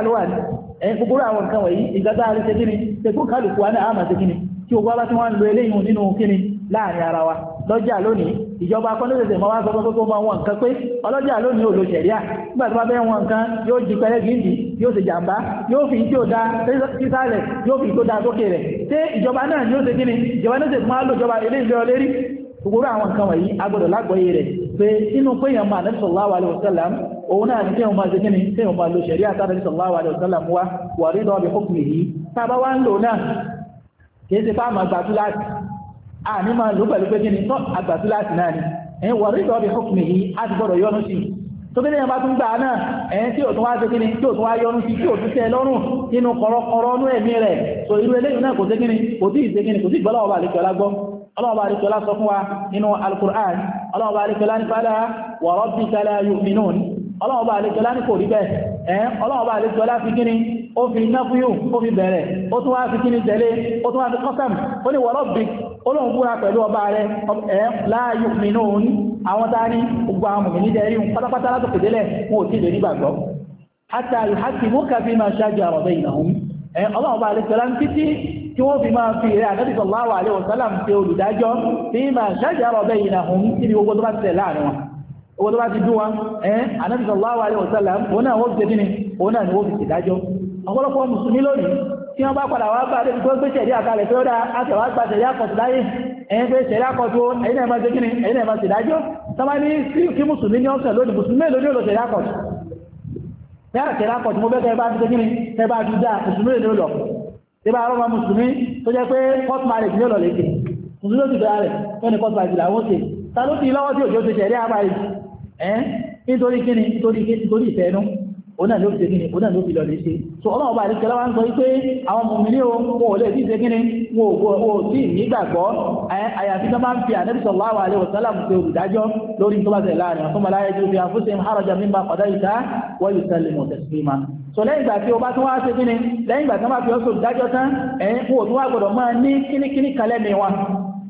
àná láàrin ara wa lọ́jà lónìí ìjọba akọ́lẹ́sẹ̀sẹ̀ máa wá sọ pé kókó máa wọn nǹkan pé ọlọ́jà lónìí ò lo ṣẹ̀ríà nígbà tó bá fẹ́ wọn nǹkan yóò di pẹ́rẹ́ yóò fi tí ò da fi tó da sókè rẹ̀ ṣé ìjọba náà ni ó ṣe kíni ìjọba náà gbogbo àwọn nǹkan wọ̀nyí rẹ̀ pé inú pé máa òun náà ní máa ṣe kíni máa a bá wá ń lò náà kì í ṣe fáàmà àní máa lò pẹ̀lú pé kí ni tọ́ àgbàtí láti náà ni ẹ̀yìn wọ̀rí ìdọ́bí fúnkùnmí yìí á ti gbọ́dọ̀ yọnu sí tó bí ní ẹ̀bá tún gbà náà ẹ̀yìn tí ò tún wá ṣe tí ò tún wá yọnu sí tí ò tún tẹ́ lọ́rùn nínú kọ̀rọ̀kọ̀rọ̀ ní ẹ̀mí rẹ̀ so irú eléyìí náà kò sí kò sí ìṣe kí ni kò sí ìgbọ́lọ́ ọba àlejò ọlágbọ́ ọlọ́ọ̀bá àlejò sọ fún wa nínú ọlọ́wọ́ bá àlejò láti kò rí bẹ́ẹ̀ ẹ́ ọlọ́wọ́ bá àlejò láti kíni ó fi náfúyù ó fi bẹ̀rẹ̀ ó tún wá fi kíni tẹ̀lé ó tún wá fi kọ́sàm ó ní wọ́lọ́bì olóhùn búra pẹ̀lú ọba rẹ̀ ẹ́ láàyò mìíràn òun àwọn tá a ní gbogbo àwọn mòmìnì jẹ́rí pátápátá látòkè délẹ̀ wọn ò tí ì lè nígbàgbọ́ hátà ìhátì mú kàfí máa ṣáájú àrọ̀bẹ́ ìnáhùn ẹ ọlọ́run bá lè sọ́lá ń títí tí wọ́n fi máa fi rẹ̀ ànábì sallallahu alaihi olùdájọ́ bí máa ṣáájú àrọ̀bẹ́ ìnáhùn níbi gbogbo tó bá ti tẹ̀ láàrin wọn owó tó bá ti dún wa ẹ́n Ànábì sallallahu alaihi wasallam òun náà wọ́n fi tẹ́kí ni òun náà ni wọ́n fi tẹ̀dájọ́ ọ̀pọ̀lọpọ̀ mùsùlùmí lónìí tí wọ́n bá padà wá bá débi tó gbé sẹ̀rí àkàlẹ̀ pé ó dá àtẹ̀wá gba sẹ̀rí àkọ̀tù láyé ẹ̀yìn pé sẹ̀rí àkọ̀tù ẹ̀yìn náà máa ṣe kíni ẹ̀yìn náà máa ṣe dájọ́ tọ́ba ní kí mùsùlùmí ní ọ̀sẹ̀ lónìí mùsùlùmí lónìí ò lọ sẹ̀rí àkọ̀tù yára sẹ̀rí àkọ̀tù mo bẹ́ kẹ́ bá ṣe kíni kẹ́ bá dúdú mùsùlùmí lónìí ò lọ tí bá rọ́mọ mùsùlùmí tó jẹ́ pé court marriage ní ọ̀lọ́lẹ̀ ṣe mùsùlùmí ló ti bẹ̀rẹ̀ rẹ̀ wọ́n marriage làwọn ṣe ta ló ti lọ́wọ́ tí òjò ṣe sẹ̀rí àmàlẹ̀ ẹ́ nítorí kíni nítorí ìfẹ́nu ọ̀nà ló fi kíni ọ̀nà ló fi lọ lè ṣe so ọlọ́run bá àdékẹ́lá wá ń sọ wípé àwọn mùmíní o wọn ò lè fi ṣe kíni wọn ò wọn ò sí nígbàgbọ́ àyàfi tó máa ń fi ànábì sallallahu alaihi wasallam ṣe olùdájọ́ lórí tó bá ṣe láàrin ọ̀tún mọ̀láyé tó fi àfúnṣe harajan so lẹ́yìn ìgbà tí o bá tún wá ṣe kíni lẹ́yìn ìgbà tí wọ́n bá fi ọ́ sọ olùdájọ́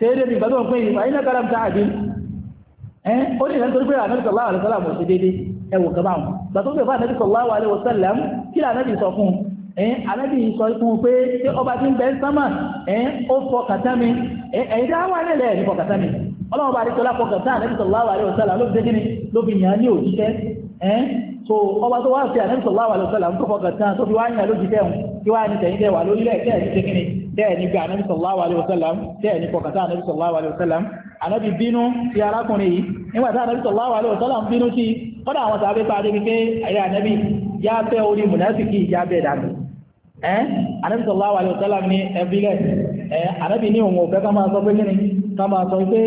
tẹ́rẹ́ mi gbàdọ̀ pé ìwà iná kára ta àdé ẹ́ ó ní ìrántí pé ànábì sallallahu alaihi wasallam ṣe dédé ẹwọ kaba wọn gbàtọ́ pé fún ànábì sallallahu alaihi wasallam kí ni ànábì sọ fún ẹ́ ànábì sọ fún pé tí ọba ti ń bẹ sámà ẹ́ ó fọ kàtá mi ẹ̀yìn dá wà nílẹ̀ ní fọ kàtá mi ọlọ́run bá adékọlá fọ kàtá ànábì sallallahu alaihi wasallam ló fi dégé ni ló fi yàn án ní òjíṣẹ́ ẹ́ so ọba tó wá sí ànábì sallallahu alaihi wasallam tó fọ kàtá tó fi wá yàn lójíṣẹ́ wọn kí wá ní tẹ̀yìn tẹ̀ wà lórílẹ̀ kẹ́ẹ̀ tẹ́ẹ̀ ní bí anábì sallallahu alaihi wasallam tẹ́ẹ̀ ní kọkàtà anábì sallallahu alaihi wasallam anábì bínú sí arákùnrin yìí nígbà tí anábì sallallahu alaihi wasallam bínú sí kọ́dà àwọn sàbẹ́ pàdé wípé ayé anábì yá bẹ́ orí mùnáfíkì yá bẹ́ dànù ẹ́ anábì sallallahu alaihi wasallam ní ẹbílẹ̀ ẹ́ anábì ní òun òfẹ́ ká máa sọ pé kíni ká máa sọ pé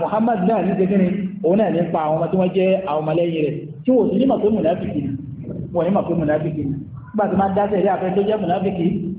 Muhammad náà ní ṣe kíni òun náà ní pa àwọn ọmọ tí wọ́n jẹ́ àwọn ọmọlẹ́yìn rẹ̀ tí wọ́n sì ní mọ̀ pé mùnáfíkì ni wọ́n ní mọ̀ pé mùnáfíkì ni nígbà tí wọ́n dá sẹ́ẹ̀rí àfẹ́ tó jẹ́ mùnáfíkì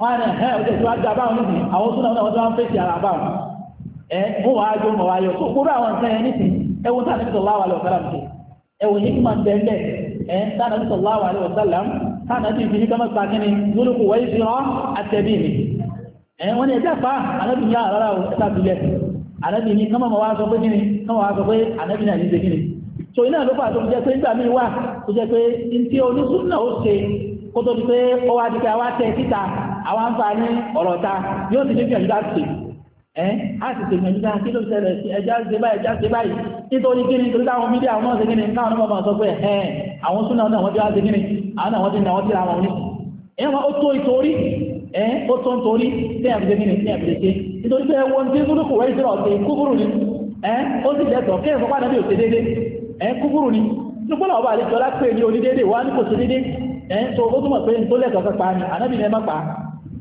wọ́n á ẹ̀ ọjọ́ ìtura gba báwọn nísìnyí àwọn tó náà wọ́n tó wọ́n fèsì ara báwọn ẹ̀ wọ́n wàá jó mọ̀ wáyọ̀ tó kúrò àwọn nǹkan yẹn nísìnyí ẹ̀wọ̀n tá a níbi sọ̀lá wàlẹ̀ ọ̀sálàm tó ẹ̀wọ̀n yìí máa ń bẹ̀ ńlẹ̀ ẹ̀ tá a níbi sọ̀lá wàlẹ̀ ọ̀sálàm tá a níbi ìfìyí kama pa kíni lórúkọ wáyé fi hàn àtẹ̀bí mi ẹ̀ wọ́n ní ẹ̀jẹ̀ fa anábì ní àrárá o ẹ̀ta bilẹ̀ anábì ní kama wàá sọ pé kíni kama wàá sọ pé kó tó di pé ó wá di pé àwa tẹ síta àwa ń fa ní ọ̀rọ̀ ta yóò ti ní gbìyànjú láti ẹ á sì tèmi ẹ̀dá kí ló ṣẹlẹ̀ sí ẹja ṣe báyìí ẹja ṣe báyìí nítorí kí ni nítorí táwọn mídíà àwọn náà ṣe ni káwọn náà máa sọ pé ẹ àwọn súnà náà wọ́n ti wá ṣe ni àwọn náà wọ́n ti ní àwọn ti ra àwọn oníṣẹ́ ẹ̀yàn máa ó tó ìtorí ẹ̀ ó tó ń torí tí àbìdé ní ìpín àbìdé ṣe ẹ̀yìn tó ó túnmọ̀ pé tó lẹ́tọ̀ọ́ kan pa ni ànábì ní ẹ má pa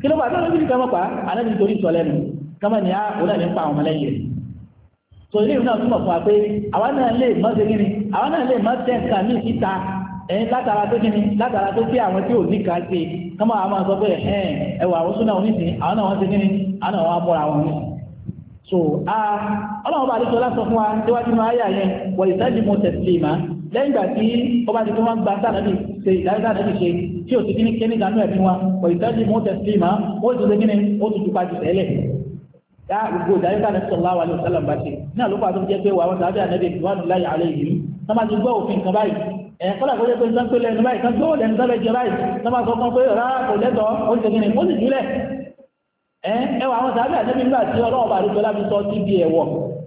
kí ló pa tó lẹ́bí ní ká má pa ànábì torí sọ lẹ́nu kọ́mọ̀ ní á ah, òun náà ní pa àwọn ọmọlẹ́yìn rẹ̀ so ilé ìwọ̀n túnmọ̀ fún wa pé àwa náà lè mọ́ ṣe kíni àwa náà lè mọ́ tẹ̀ nǹkan ní ìta ẹ̀yìn látara tó kíni látara tó kí àwọn tí ò ní kan ṣe kọ́mọ̀ àwọn máa sọ pé ẹ̀hẹ́n ẹwà àwọn súnà oníṣìn àwọn náà wọ́n ṣe kíni àwọn náà wọ́n mọ́ra wọn oníṣìn so ọlọ́run lẹ́yìn ìgbà tí ó bá ti fi wọ́n gba sànàbì ṣe ìdájọ́ sànàbì ṣe tí ò ti kí ní kí ní ìdánú ẹ̀mí wọn pọ̀ ìtọ́jú mú tẹ̀sí mà ó ti ṣe kí ni ó ti jupa jù tẹ́lẹ̀ yá gbogbo ìdájọ́ sànàbì sallallahu alaihi wasallam bá ṣe ní àlùkò àti jẹ́ pé wàá sàbẹ̀ ànẹ́bẹ̀ ìwádùn láyé alẹ́ yìí tó máa ti gbọ́ òfin kan báyìí ẹ̀ kọ́lá kó jẹ́ pé nǹkan pé lẹ́nu báyìí kan tó lẹ́nu sábẹ́ jẹ báyìí tó máa sọ fún pé rárá kò lẹ́tọ̀ọ́ ó ti ṣe kí ni ó sì júlẹ̀ ẹ̀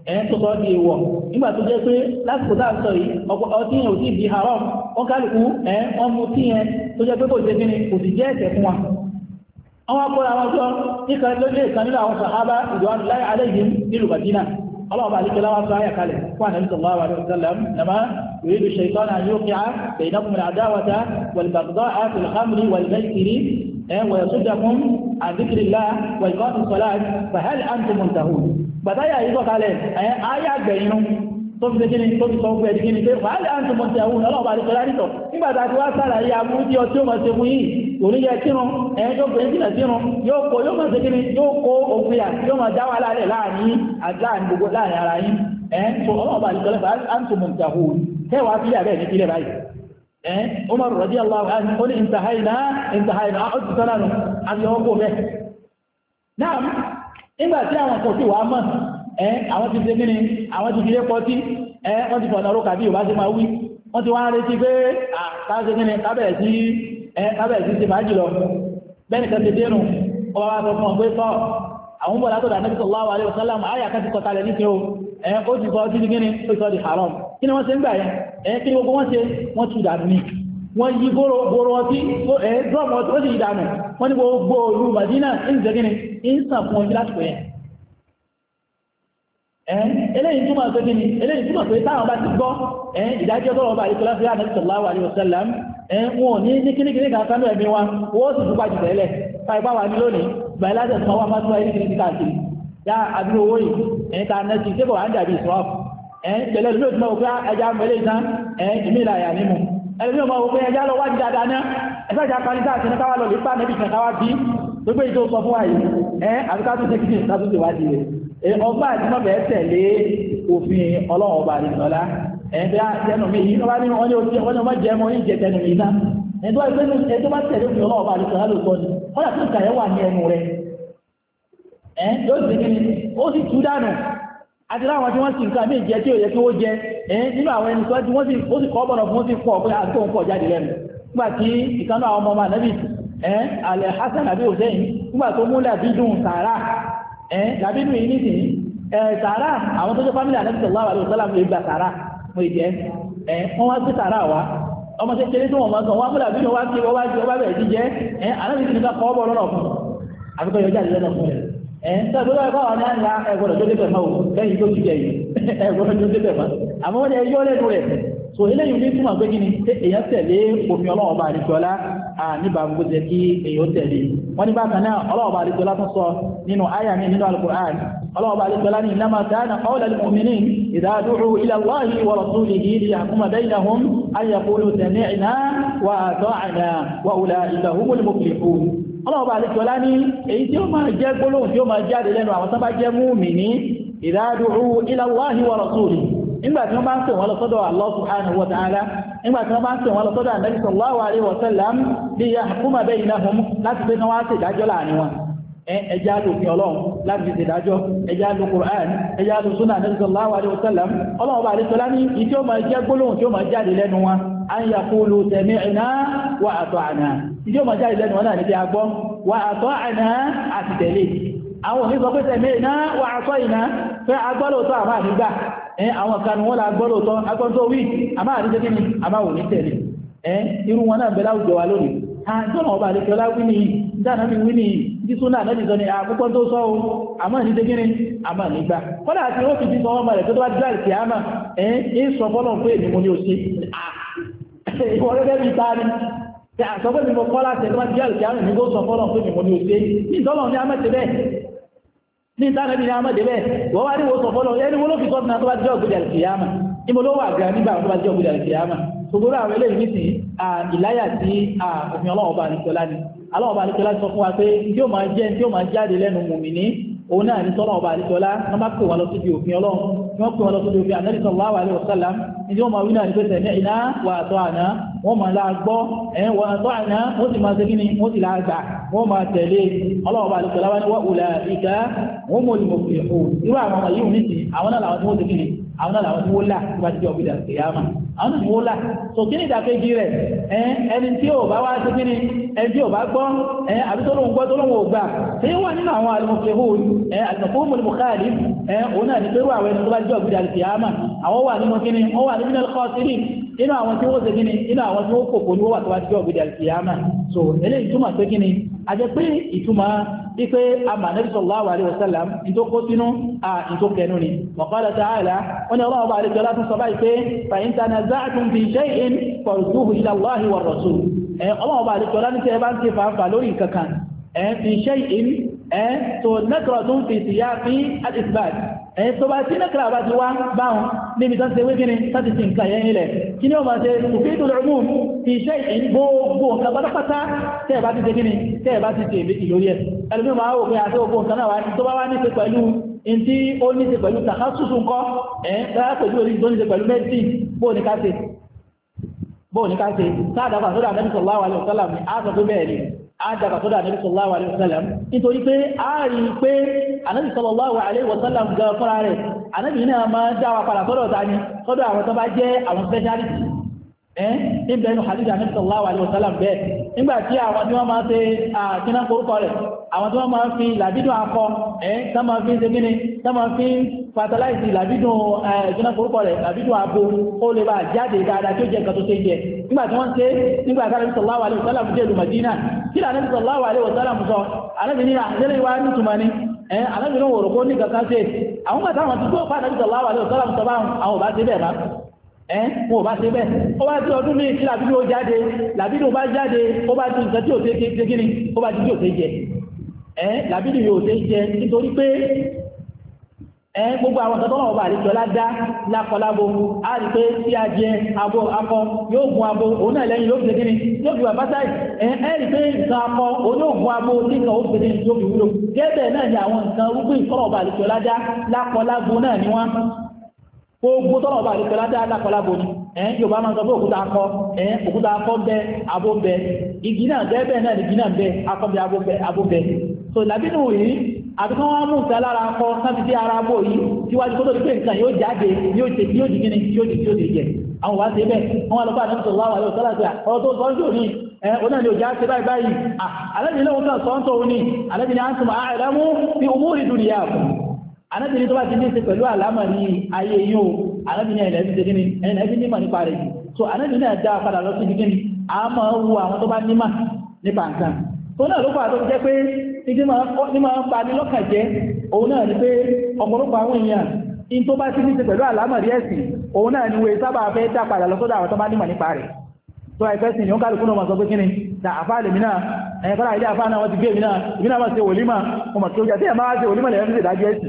ẹ̀yẹn tó sọ di èèwọ̀ nígbà tó jẹ́ pé lásìkò tá à ń sọ yìí ọtí yẹn ò tí ì di haram wọ́n kálukú ẹ̀ wọ́n mu tí yẹn tó jẹ́ pé kò ṣe kíni kò sì jẹ́ ẹ̀ṣẹ̀ fún wa. àwọn akọ́ra wọn sọ níka lóde nínú àwọn sàhábà ìdùnnú nílùú يريد الشيطان أن يوقع بينكم العداوة والبغضاء في الخمر والميسر ويصدكم عن ذكر الله وإقام الصلاة فهل أنتم منتهون bàtáyà yìí sọ̀kalẹ̀ ẹ̀ ayé àgbẹ̀yìn tó fi ṣe tó fi sọ gbé ẹ̀dí kíni pé wàá lè àǹtí mọ̀tì àwọn ọlọ́run bá lè sọ lárítọ̀ nígbà tá a ti wá sàlàyé aburú tí ọtí ó máa ṣe fún yìí òní yẹ kírun ẹ̀yìn tó gbé jìnà sírun yóò kó yóò máa ṣe kíni yóò kó ogun yà yóò máa dá wà lálẹ̀ láàrin àti láàrin gbogbo láàrin ara yín ẹ̀ tó ọlọ́run bá lè Umar radiyallahu anhu ó ní ìntàháyìnà ìntàháyìnà ó ti sọ́nà nù àti nígbà tí àwọn kò sí wàá mọ̀ ẹ́ àwọn ti ṣe kíni àwọn ti fi lé pọtí ẹ́ wọ́n ti fọ̀nà rókà bí yorùbá ṣe máa wí wọ́n ti wá retí pé àkáṣe kíni kábẹ̀rẹ̀ sí ẹ́ kábẹ̀rẹ̀ sí ṣe máa jùlọ bẹ́ẹ̀ nìkan ti dérùn ọba wa sọ fún ọ pé sọ àwọn bọ̀dá tó dànù sọ láwà alẹ́ wasalam ayé àkàtì kọta lẹ̀ níṣẹ́ o ẹ́ ó ti sọ ọtí kíni ó ti sọ di haram kí ni wọ́n ṣe ń gbà wọ́n yí gbóró ọtí ẹ̀ẹ́dọ́mù ọtí ó sì ìdànù wọ́n ní gbogbo olú Madina ń zẹ́gínì ń sàn fún ọjí lásìkò yẹn eléyìí túmọ̀ pé kí ni eléyìí túmọ̀ pé táwọn bá ti gbọ́ ìdájọ́ tọ́rọ bá ìtọ́lá sí àná sallallahu alaihi wasallam wọn ò ní ní kíníkíní kan sánú ẹ̀mí wa wọ́n sì túpa jù tẹ́lẹ̀ fàìpá wà ní lónìí báyìí láti ẹ̀sán wà máa tún ẹni kíníkí káàkiri ya àbúrò owó yìí ẹni ta nẹ́sì tí kò wà ń dàbí ìsọ́ọ̀fù tẹ́lẹ̀ lóòtú náà pé ah, ẹja mẹ́lẹ̀ ìtàn ìmìlà yà nímú ẹlẹ́lẹ́ ọmọ òpin ẹjá lọ wájú dáadáa náà ẹgbẹ́ ìjà kanítà àti ẹnìkáwà lọ lè pa nẹ́bì kankáwà bí tó gbé ìjọ sọ fún àyè ẹ́ àbíkátó ṣe kíni látúnṣe wájú rẹ̀ ọgbà àti mọ́bẹ̀ tẹ̀lé òfin ọlọ́run ọba àdìsọ́lá ẹ̀ẹ́dá tẹnu mi yìí wọ́n ní wọ́n ní ojú wọ́n ní ọmọ jẹ́ mọ́ ní jẹ tẹnu mi náà ẹ̀ẹ́dá ìgbẹ́nu ẹ̀ẹ́dá tẹ̀lé òfin ọlọ́run ọba àdìsọ́lá lóòótọ́ ni wọ́n yà tó kàyẹ́ wà ní ẹnu rẹ̀ ẹ̀ẹ́ yóò sì àti láwọn tí wọ́n sì nǹkan méje tí ò yẹ kí wọ́n jẹ ẹ̀yìn nínú àwọn ẹni sọ́jú wọ́n sì kọ́ bọ̀nà fún ó sì pọ̀ pé àti òun pọ̀ jáde lẹ́nu nígbà tí ìkanú àwọn ọmọ mànẹ́bì ẹ̀ẹ́n alẹ́ Hasan àbí hussein nígbà tó mú làbídùn sàárà ẹ̀ẹ́n làbídùn yìí nìsín ẹ̀ẹ́ sàárà àwọn tó jẹ́ fámìlì ànẹ́bì sallallahu alaihi wasallam lè gba sàárà mo ìjẹ́ ẹ̀ẹ́n wọ́n wá sí ẹ̀yìn tó tó bá wà ní àná ẹgbọ́dọ̀ tó débẹ̀ máa lẹ́yìn tó ti jẹ̀yìn ẹgbọ́dọ̀ tó débẹ̀ máa àmọ́ wọ́n yẹ yọ́ lẹ́nu rẹ̀ so eléyìí ní túmọ̀ pé kíni èèyàn tẹ̀lé òfin ọlọ́run ọba àdìsọ́lá níbà gbogbo jẹ́ kí èèyàn tẹ̀lé wọ́n ní bákan náà ọlọ́run ọba àdìsọ́lá tún sọ nínú àyà mi nínú alukur'an ọlọ́run ọba àdìsọ́lá ní ìlànà dáná ọ̀là lùmìnì ìdádúró ilẹ̀ wáyé wọ̀rọ̀tún yìí ní àkúmọ̀ bẹ́yìn ahun ayẹ̀kọ́ olùtẹ̀mí ìná wà àtọ́ àná wà òlà ìgbà ọlọ́ọ̀bà alẹ́kọ̀ọ́lá ní èyí tí ó máa jẹ́ gbólóhùn tí ó máa jáde lẹ́nu àwọn sábà jẹ́ mùmínì ìdádùrú ila Allahi wa rasulihi nígbà tí wọ́n bá ń pè wọ́n lọ sọ́dọ̀ Allah subhanahu wa ta'ala nígbà tí wọ́n bá ń pè wọ́n lọ sọ́dọ̀ Ànábì sallallahu alaihi wa sallam li yahkuma bainahum láti pé wọ́n á sì dájọ́ láàrin wọn ẹjá lòfin an ya sami'na wa ata'na ìjọ a gbọ́ wa ata'na àti àwọn òní sọ pé wa ata'na fẹ́ agbọ́lóòtọ́ àmà nígbà àwọn kanu wọn la agbọ́lóòtọ́ agbọ́ntọ́ wí àmà àríjẹ́ kí àmà òní tẹ̀lé irú wọn náà wa lónìí àjọ́nà ọba àlẹ́kẹ́ ọlá wí ní dáadáa mi wí ni àkókò tó sọ ohun àmọ́ ní nígbà àti ó fi ti sọ tó ìwọ gẹ́gẹ́ bí tani ṣe àsọpẹ́ mi mo kọ́ láti ẹ̀rọ jẹ́ àlùkí àrùn mi kó sọ fọ́lọ́ pé mi mo ní òṣè ní ìtọ́lọ̀ ní amẹ́tẹ̀ bẹ́ẹ̀ ní ìtànà mi ní amẹ́tẹ̀ bẹ́ẹ̀ wọ́n wá ní wo sọ fọ́lọ́ ẹni wo ló fi sọ́ọ̀tún náà tó bá jẹ́ ògbé àlùkí àmà ní mo ló wà gan nígbà tó bá jẹ́ ògbé àlùkí àmà gbogbo àwọn eléyìí ní ti ìláyà tí òfin ọlọ́wọ́ bá nìkọlá ni alọ́wọ́ bá nìkọlá sọ fún wa pé tí ó máa jẹ́ tí ó máa òun náà ní sọ́nà ọba àdìsọ́lá wọ́n bá pè wọn lọ síbi òfin ọlọ́run tí wọ́n pè wọn lọ síbi òfin ànábì sallallahu alaihi wasallam ní tí wọ́n máa wí náà ní pé tẹ̀lé iná wà àtọ́ àná wọ́n máa la gbọ́ ẹ̀yìn wọ́n àtọ́ àná wọ́n sì máa segin ni wọ́n sì la gbà wọ́n máa tẹ̀lé ọlọ́run ọba àdìsọ́lá wá ní wọ́n wùlà àwọn ìwò là tó kí ní ìdàkejì rẹ̀ ẹni tí ò bá wá sí kíni ẹni tí ò bá gbọ́ àbí tó lóun gbọ́ tó lóun ò gbà tí ó wà nínú àwọn alimọ̀fẹ́hùn alimọ̀fẹ́hùn olùmọ̀káàlì òun náà ní pẹ̀lú àwọn ẹni tó bá jọ gbìdà àlùfíàmà àwọn wà nínú kíni wọ́n wà nínú ẹlẹ́kọ̀ọ́sírì inú àwọn tí wọ́n ṣe kíni inú àwọn tí wọ́n kòkò ní wọ́n wà tó bá jọ gbìdà àlùfíàmà so eléyìí túmọ̀ pé kíni a jẹ́ pé ìtumọ̀ wípé amànẹ́bí sallallahu alaihi wasallam ìtò kó sínú à ìtò kẹnu ni wa qala ta'ala wọ́n ni ọlọ́run bá àlejò látún sọ báyìí pé fa in tanaz تنازعتم في شيء فردوه إلى الله والرسول الله بعد القرآن سيبان كيفان فالوري ككان في شيء نكرة في سياق الإثبات tọbaatí nàkàrà bá ti wá báhùn níbi tán ṣe wégini láti sin nǹkan yẹn ilẹ̀ kí ni ó máa ṣe tùfíìdù lọ́rùn ti ṣe ìgbógbó nǹkan pátápátá tẹ́ẹ̀ bá ti ṣe gíní tẹ́ẹ̀ bá ti ṣe ìlórí ẹ̀ ẹlùmí máa wò pé àti ògbó nǹkan náà tó bá wá ní ṣe pẹ̀lú ntí ó ní ṣe pẹ̀lú takasusu ńkọ́ ẹ̀ rárá pẹ̀lú orí tó ní ṣe pẹ̀lú medicine bóò ní ká ṣe bóò ní ká ṣe sáàdàpà sódà Ànábì sallallahu alaihi wasallam ni a sọ pé bẹ́ẹ̀ ni àdàpà sallallahu alaihi wasallam nítorí pé a rí i pé Ànábì sallallahu alaihi wasallam gan fúnra rẹ̀ Ànábì náà máa dá wa padà sọ́dọ̀ ta ni sọ́dọ̀ àwọn tó bá jẹ́ àwọn specialist ẹ̀ ń bẹ́ẹ̀ nu hadith Ànábì sallallahu alaihi wasallam bẹ́ẹ̀ nígbàtí àwọn tí wọ́n máa ṣe àkíná korúkọ rẹ̀ àwọn tí wọ́n máa fi làbídùn akọ ẹ̀ tán máa fi ṣe gíní tán máa fi fatalaisi làbídùn àkíná korúkọ rẹ̀ làbídùn abo ó lè bá jáde dáadáa tí ó jẹ nǹkan tó ṣe jẹ nígbàtí wọ́n ṣe nígbàtí ni ẹ̀ alẹ́ mi ní òròkó ní kankan ṣe àwọn gbàtà àwọn tí tó fà alẹ́ sallallahu alaihi wasallam sọ báwọn àwọn ò bá ṣe ẹ́n wọ́n bá ṣe bẹ́ ó bá tí ọdún méjì làbídò ó jáde làbídò bá jáde ó bá tí nǹkan tí ò tẹ́ tẹ́ gíní ó bá tí tí ò tẹ́ jẹ ẹ́n làbídò yóò tẹ́ jẹ nítorí pé ẹ́n gbogbo àwọn tọ́tọ́ ọba àlejò ládá lákọlábo á rí pé tí a jẹ abo akọ yóò gun abo òun náà lẹ́yìn yóò fi gíní yóò fi bàbá sáì ẹ́n ẹ́ rí pé nǹkan akọ òun yóò gun abo tí nǹkan ó fi gíní yóò fi wúlò gẹ́gẹ́ náà ni àwọn nǹkan rúgbìn tọ́rọ̀ ọba àlejò ládá lákọlábo náà ni wọ́n gbogbo tọ́lọ̀ bá rí pẹ̀lá dáadáa kọlábò ní ẹ̀yìn yóò bá máa sọ pé òkúta akọ ẹ̀yìn òkúta akọ bẹ abó bẹ igi náà bẹ́ẹ̀ bẹ́ẹ̀ náà igi náà bẹ akọ bẹ abó bẹ abó bẹ so làbínú yìí àti kí wọ́n mú ìta lára akọ sáfi sí ara abó yìí síwájú kó tó di pé nǹkan yóò jáde yóò di yóò di kíni yóò di yóò di jẹ àwọn wá sí bẹ́ẹ̀ wọ́n lọ bá àdéhùn sọ̀rọ̀ wáwà yóò sọ́lá ọ̀rọ̀ tó sọ ń jò ní ẹ̀ ni òjá ṣe báyìí báyìí àlẹ́bìnrin lóhun kan sọ́ńtò ní àlẹ́bìnrin á ní umúrì anábìnrin tó bá ti ní ṣe pẹ̀lú àlámà ní ayé yóò anábìnrin ẹ̀lẹ́ ti ṣe ẹ̀lẹ́ ti nímọ̀ nípa rẹ̀ so anábìnrin náà dá padà lọ sí ibi kíni a máa ń wo àwọn tó bá nímọ̀ nípa nǹkan tó náà ló fà tó jẹ́ pé ibi máa pa ní lọ́kàn jẹ́ òun náà ni pé ọ̀pọ̀lọpọ̀ àwọn èèyàn in tó bá ti ní ṣe pẹ̀lú àlámà rí ẹ̀sìn òun náà ni wo sábà fẹ́ dá padà lọ sódà àwọn tó bá nímọ̀ nípa rẹ̀ tó ẹ̀fẹ́ sì ni ó kálukú náà mọ̀ sọ pé kíni da àfáà lèmi náà ẹ̀yẹ̀fẹ́ ilé àfáà náà wọ́n ti gbé mi náà ìbí náà máa ṣe wòlímà mo mọ̀ jẹ́ tí ẹ̀ máa ṣe wòlímà lẹ́yìn tó ṣèdájọ́ ẹ̀sìn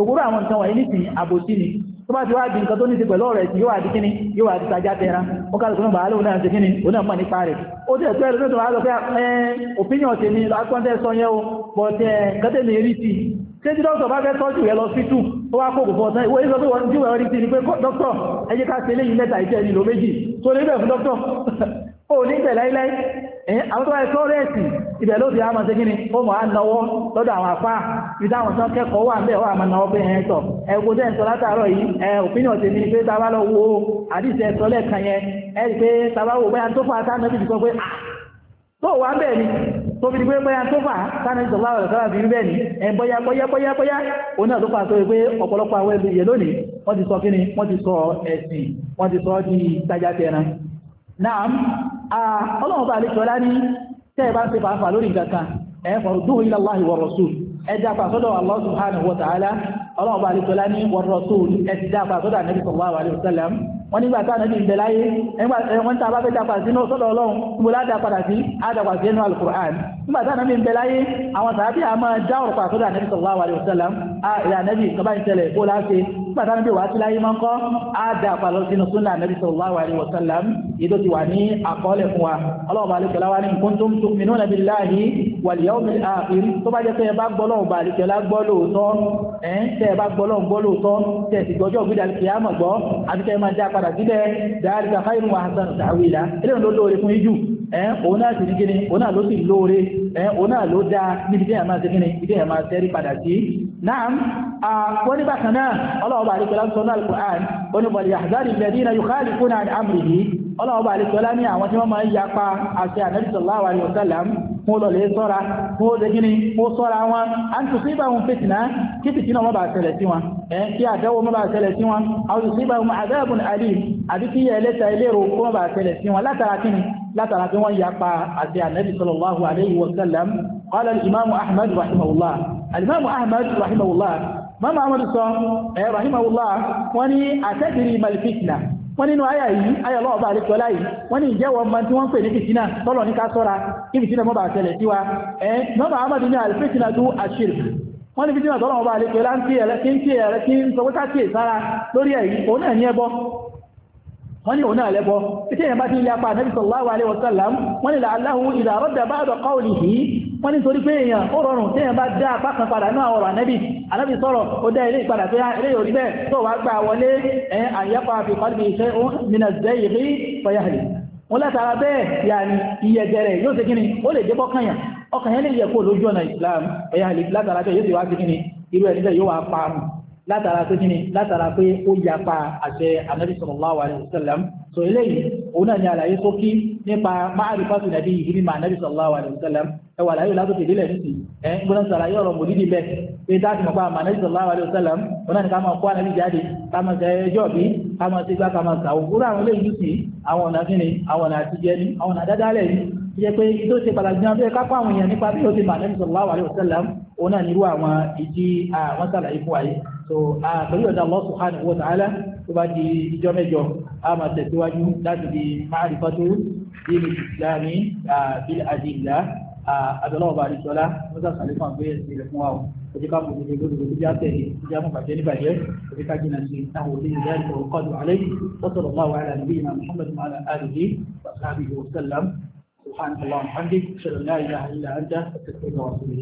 òkúrò àwọn nǹkan wà nílìsìn àbòsí ni tó bá ti wá di nǹkan tó ní ti pẹ̀lú ọ̀rẹ́ tí yóò wà di kíní yóò wà di tajà tẹ́ra ó kàlùkù náà bàálù náà ti kíní ó náà mọ̀ nípa rẹ̀ ó ti ẹ̀kọ́ ẹ̀rọ tó wá lọ pé ẹ òpinion tèmi akọ́ńtẹ́ sọ yẹn o but ẹ kẹ́tẹ́ mi rí ti ṣé tí dókítà bá fẹ́ tọ́jú rẹ lọ sí tù ó wá kókò fún ọ̀tán ìwé sọ pé wọ́n ti wẹ̀ rí ti ni pé dókítà ẹ jẹ́ ká ṣe eléyìí lẹ́tà ìṣẹ́ nílò méjì tó lè bẹ̀ fún dókítà ó ní bẹ̀ láíláí Eh, àwọn tó wáyé tọ́rẹ́ẹ̀sì ibẹ̀ ló ti a ṣe gíní ó mọ̀ á náwọ́ lọ́dọ̀ àwọn kẹ́kọ̀ọ́ wà bẹ́ẹ̀ wà náwọ́ lọ wo àdìsẹ́ sọ lẹ́ẹ̀kan yẹn ẹ rí pé tábà a bóyá tó bẹ́ẹ̀ náà ọlọ́run bá àlejò ọlá ní tẹ́ ẹ bá ń ṣe fàáfà lórí nǹkan kan ẹ farduhu ila Allahi wa rasul ẹ dápa sọ́dọ̀ Allah subhanahu wa ta'ala ọlọ́run bá àlejò ọlá ní wa rasul ẹ ti wọ́n nígbà tá ànábì ń bẹ láyé wọ́n tá a bá fẹ́ dapà sínú sọ́dọ̀ ọlọ́run gbogbo ládàá padà sí àdàpà sí ẹnu alukur'an nígbà tá ànábì ń bẹ láyé àwọn sàábì a máa já ọ̀rọ̀ pàtó dà ànábì sallallahu alaihi wasallam a ìlà ànábì kaba ń tẹ̀lẹ̀ kó láṣẹ nígbà tá ànábì wàá sí láyé máa ń kọ́ àdàpà lọ sínú súnà ànábì sallallahu alaihi wasallam ètò ti wà ní àkọọ́lẹ̀ fún wa ọlọ́run bá alẹ́kẹ̀lá wa ní kuntum tu'minuna billahi wal yawmil akhir tó bá jẹ́ pé ẹ bá gbọ́ lọ́wọ́ bá alẹ́kẹ̀lá gbọ́ lóòótọ́ ẹ̀ ń tẹ́ ẹ bá gbọ́ lọ́wọ́ gbọ́ lóòótọ́ tẹ̀ sì gbọ́jọ́ gbídàlẹ́kẹ̀lá mọ̀ gbọ́ àbíkẹ́ padà sílẹ̀ dáríkà fáìlú wa hasan tàwílà eléyìí ló lóore fún ijú òun náà sì ní kíni òun náà ló sì lóore òun náà ló dáa níbi tí ẹ̀mà sí kíni ibi ẹ̀mà sẹ́rí padà sí náà wọ́n ní bákan náà ọlọ́ọ̀bà àríkẹ́lá sọ́nà al-Qur'an ó ní bọ̀lì àzárí lẹ́dí na yóò kálí fún àmì yìí ọlọ́ọ̀bà àlẹ́sọ́lá ní àwọn tí wọ́n máa ń yapa àti Ànábì sallallahu alaihi wasallam mo lọ lè sọ́ra mo lè gíní mo sọ́ra wọn a ń tùsí ìbáwọn fìtìnà kí fìtìnà wọ́n bá ṣẹlẹ̀ sí wọn ẹ̀yìn kí àdáwò wọ́n bá ṣẹlẹ̀ sí wọn àwọn tùsí ìbáwọn adhabun alim àbí kí ẹlẹ́ta ẹlẹ́rọ kó wọ́n bá ṣẹlẹ̀ sí wọn látara kíni látara bí wọ́n yapa àti Ànábì sallallahu ní àtẹ́kìrì wọ́n nínú àyà yìí àyà lọ́wọ́ bá àríkẹ́ ọlá yìí wọ́n ní ìjẹ́wọ̀ ọmọ tí wọ́n pè ní fìtínà tọ́lọ̀ ní ká sọ́ra kí fìtínà mọ́bà àtẹ̀lẹ̀ sí wa ẹ̀ mọ́bà amadu ní àlùfẹ́tìnà tó àṣírí wọ́n ní fìtínà tọ́lọ̀ ọba àríkẹ́ ọlá ń tí ẹ̀rẹ́ kí ń tí ẹ̀rẹ́ kí ń sọ pé ká kí ìsára lórí ẹ̀yìn òun náà ní ẹbọ wọ́n ní òun náà lẹ́bọ́ títí ẹ̀yàn bá ti ń yapa nabi sallallahu alaihi wasallam wọ́n ní la'allahu idha radda ba'da wọ́n ní torí pé èèyàn ó rọrùn tí èèyàn bá dá apá kan padà náà ọ̀rọ̀ ànábì ànábì sọ̀rọ̀ ó dá ilé ìpadà tó ilé ah, orí bẹ́ẹ̀ tó wá gbà wọlé ẹ̀yìn àyẹ́pà àfikọ́lùbì iṣẹ́ mìnà zẹ́ ìrí fọyàlì wọ́n látara bẹ́ẹ̀ yà ní ìyẹ̀gẹ̀rẹ̀ yóò ṣe kíni ó lè dé bọ́kànyà ọkànyà lè yẹ kó lójú ọ̀nà Islam fọyàlì látara bẹ́ẹ̀ yóò sì wá sí kíni irú ẹni bẹ́ẹ̀ yóò wá parun látara pé kíni látara pé ó yapa àṣẹ ànábì sallallahu alaihi wasallam eléyìí òun náà ni àlàyé sókí nípa máàrífàtù nàbí yìí ní màá nàbì sallallahu ẹwà láyé látòkè délẹ̀ nìsí ẹ ń gbọ́dọ̀ sọ̀rọ̀ ayé ọ̀rọ̀ mòlídìí bẹ́ẹ̀ pé dáàbì mọ̀ pé àmà nàbì sallallahu alaihi wasallam wọn náà ní ká máa kó ànábì jáde ká máa ṣe ẹjọ́ bí ká máa ṣe gbá ká máa ṣàwò kúrò àwọn eléyìí sí àwọn ọ̀nà kí ni àwọn ọ̀nà àtijẹ́ ni àwọn ọ̀nà àdádálẹ̀ ni tó jẹ́ pé tó ṣe pàtàkì náà fẹ́ kápá àwọn èèyàn nípa bí ó ti mà nàbì sallallahu alaihi wasallam òun náà nírú àwọn ìdí àwọn sàlàyé fún wa so pẹ̀lú ọ̀dà Allah subhanahu wa ta'ala tó bá di ìjọ mẹ́jọ a máa tẹ̀síwájú láti di máàrífàtó bí mi ti sílámi bí adìyẹ àdọ́lọ́wọ́ bá àdìsọ́lá wọ́n sà sàlẹ̀ fún àgbéyẹ̀ sí ilẹ̀ fún wa o òjì ká bòbò ní gbogbo ìjà tẹ̀lé ìjà mú bàjẹ́ níbàjẹ́ òjì ká jìnnà sí táwọn òbí ìjà ìjọ kọ́dù alẹ́ wọ́sọ̀rọ̀ bá wà lára níbi ìmọ̀ muhammed mọ́lá alihi wa sábì wa subhanahu wa ta'ala alhamdulilayi ilaha illa anta astaghfiruka wa atubu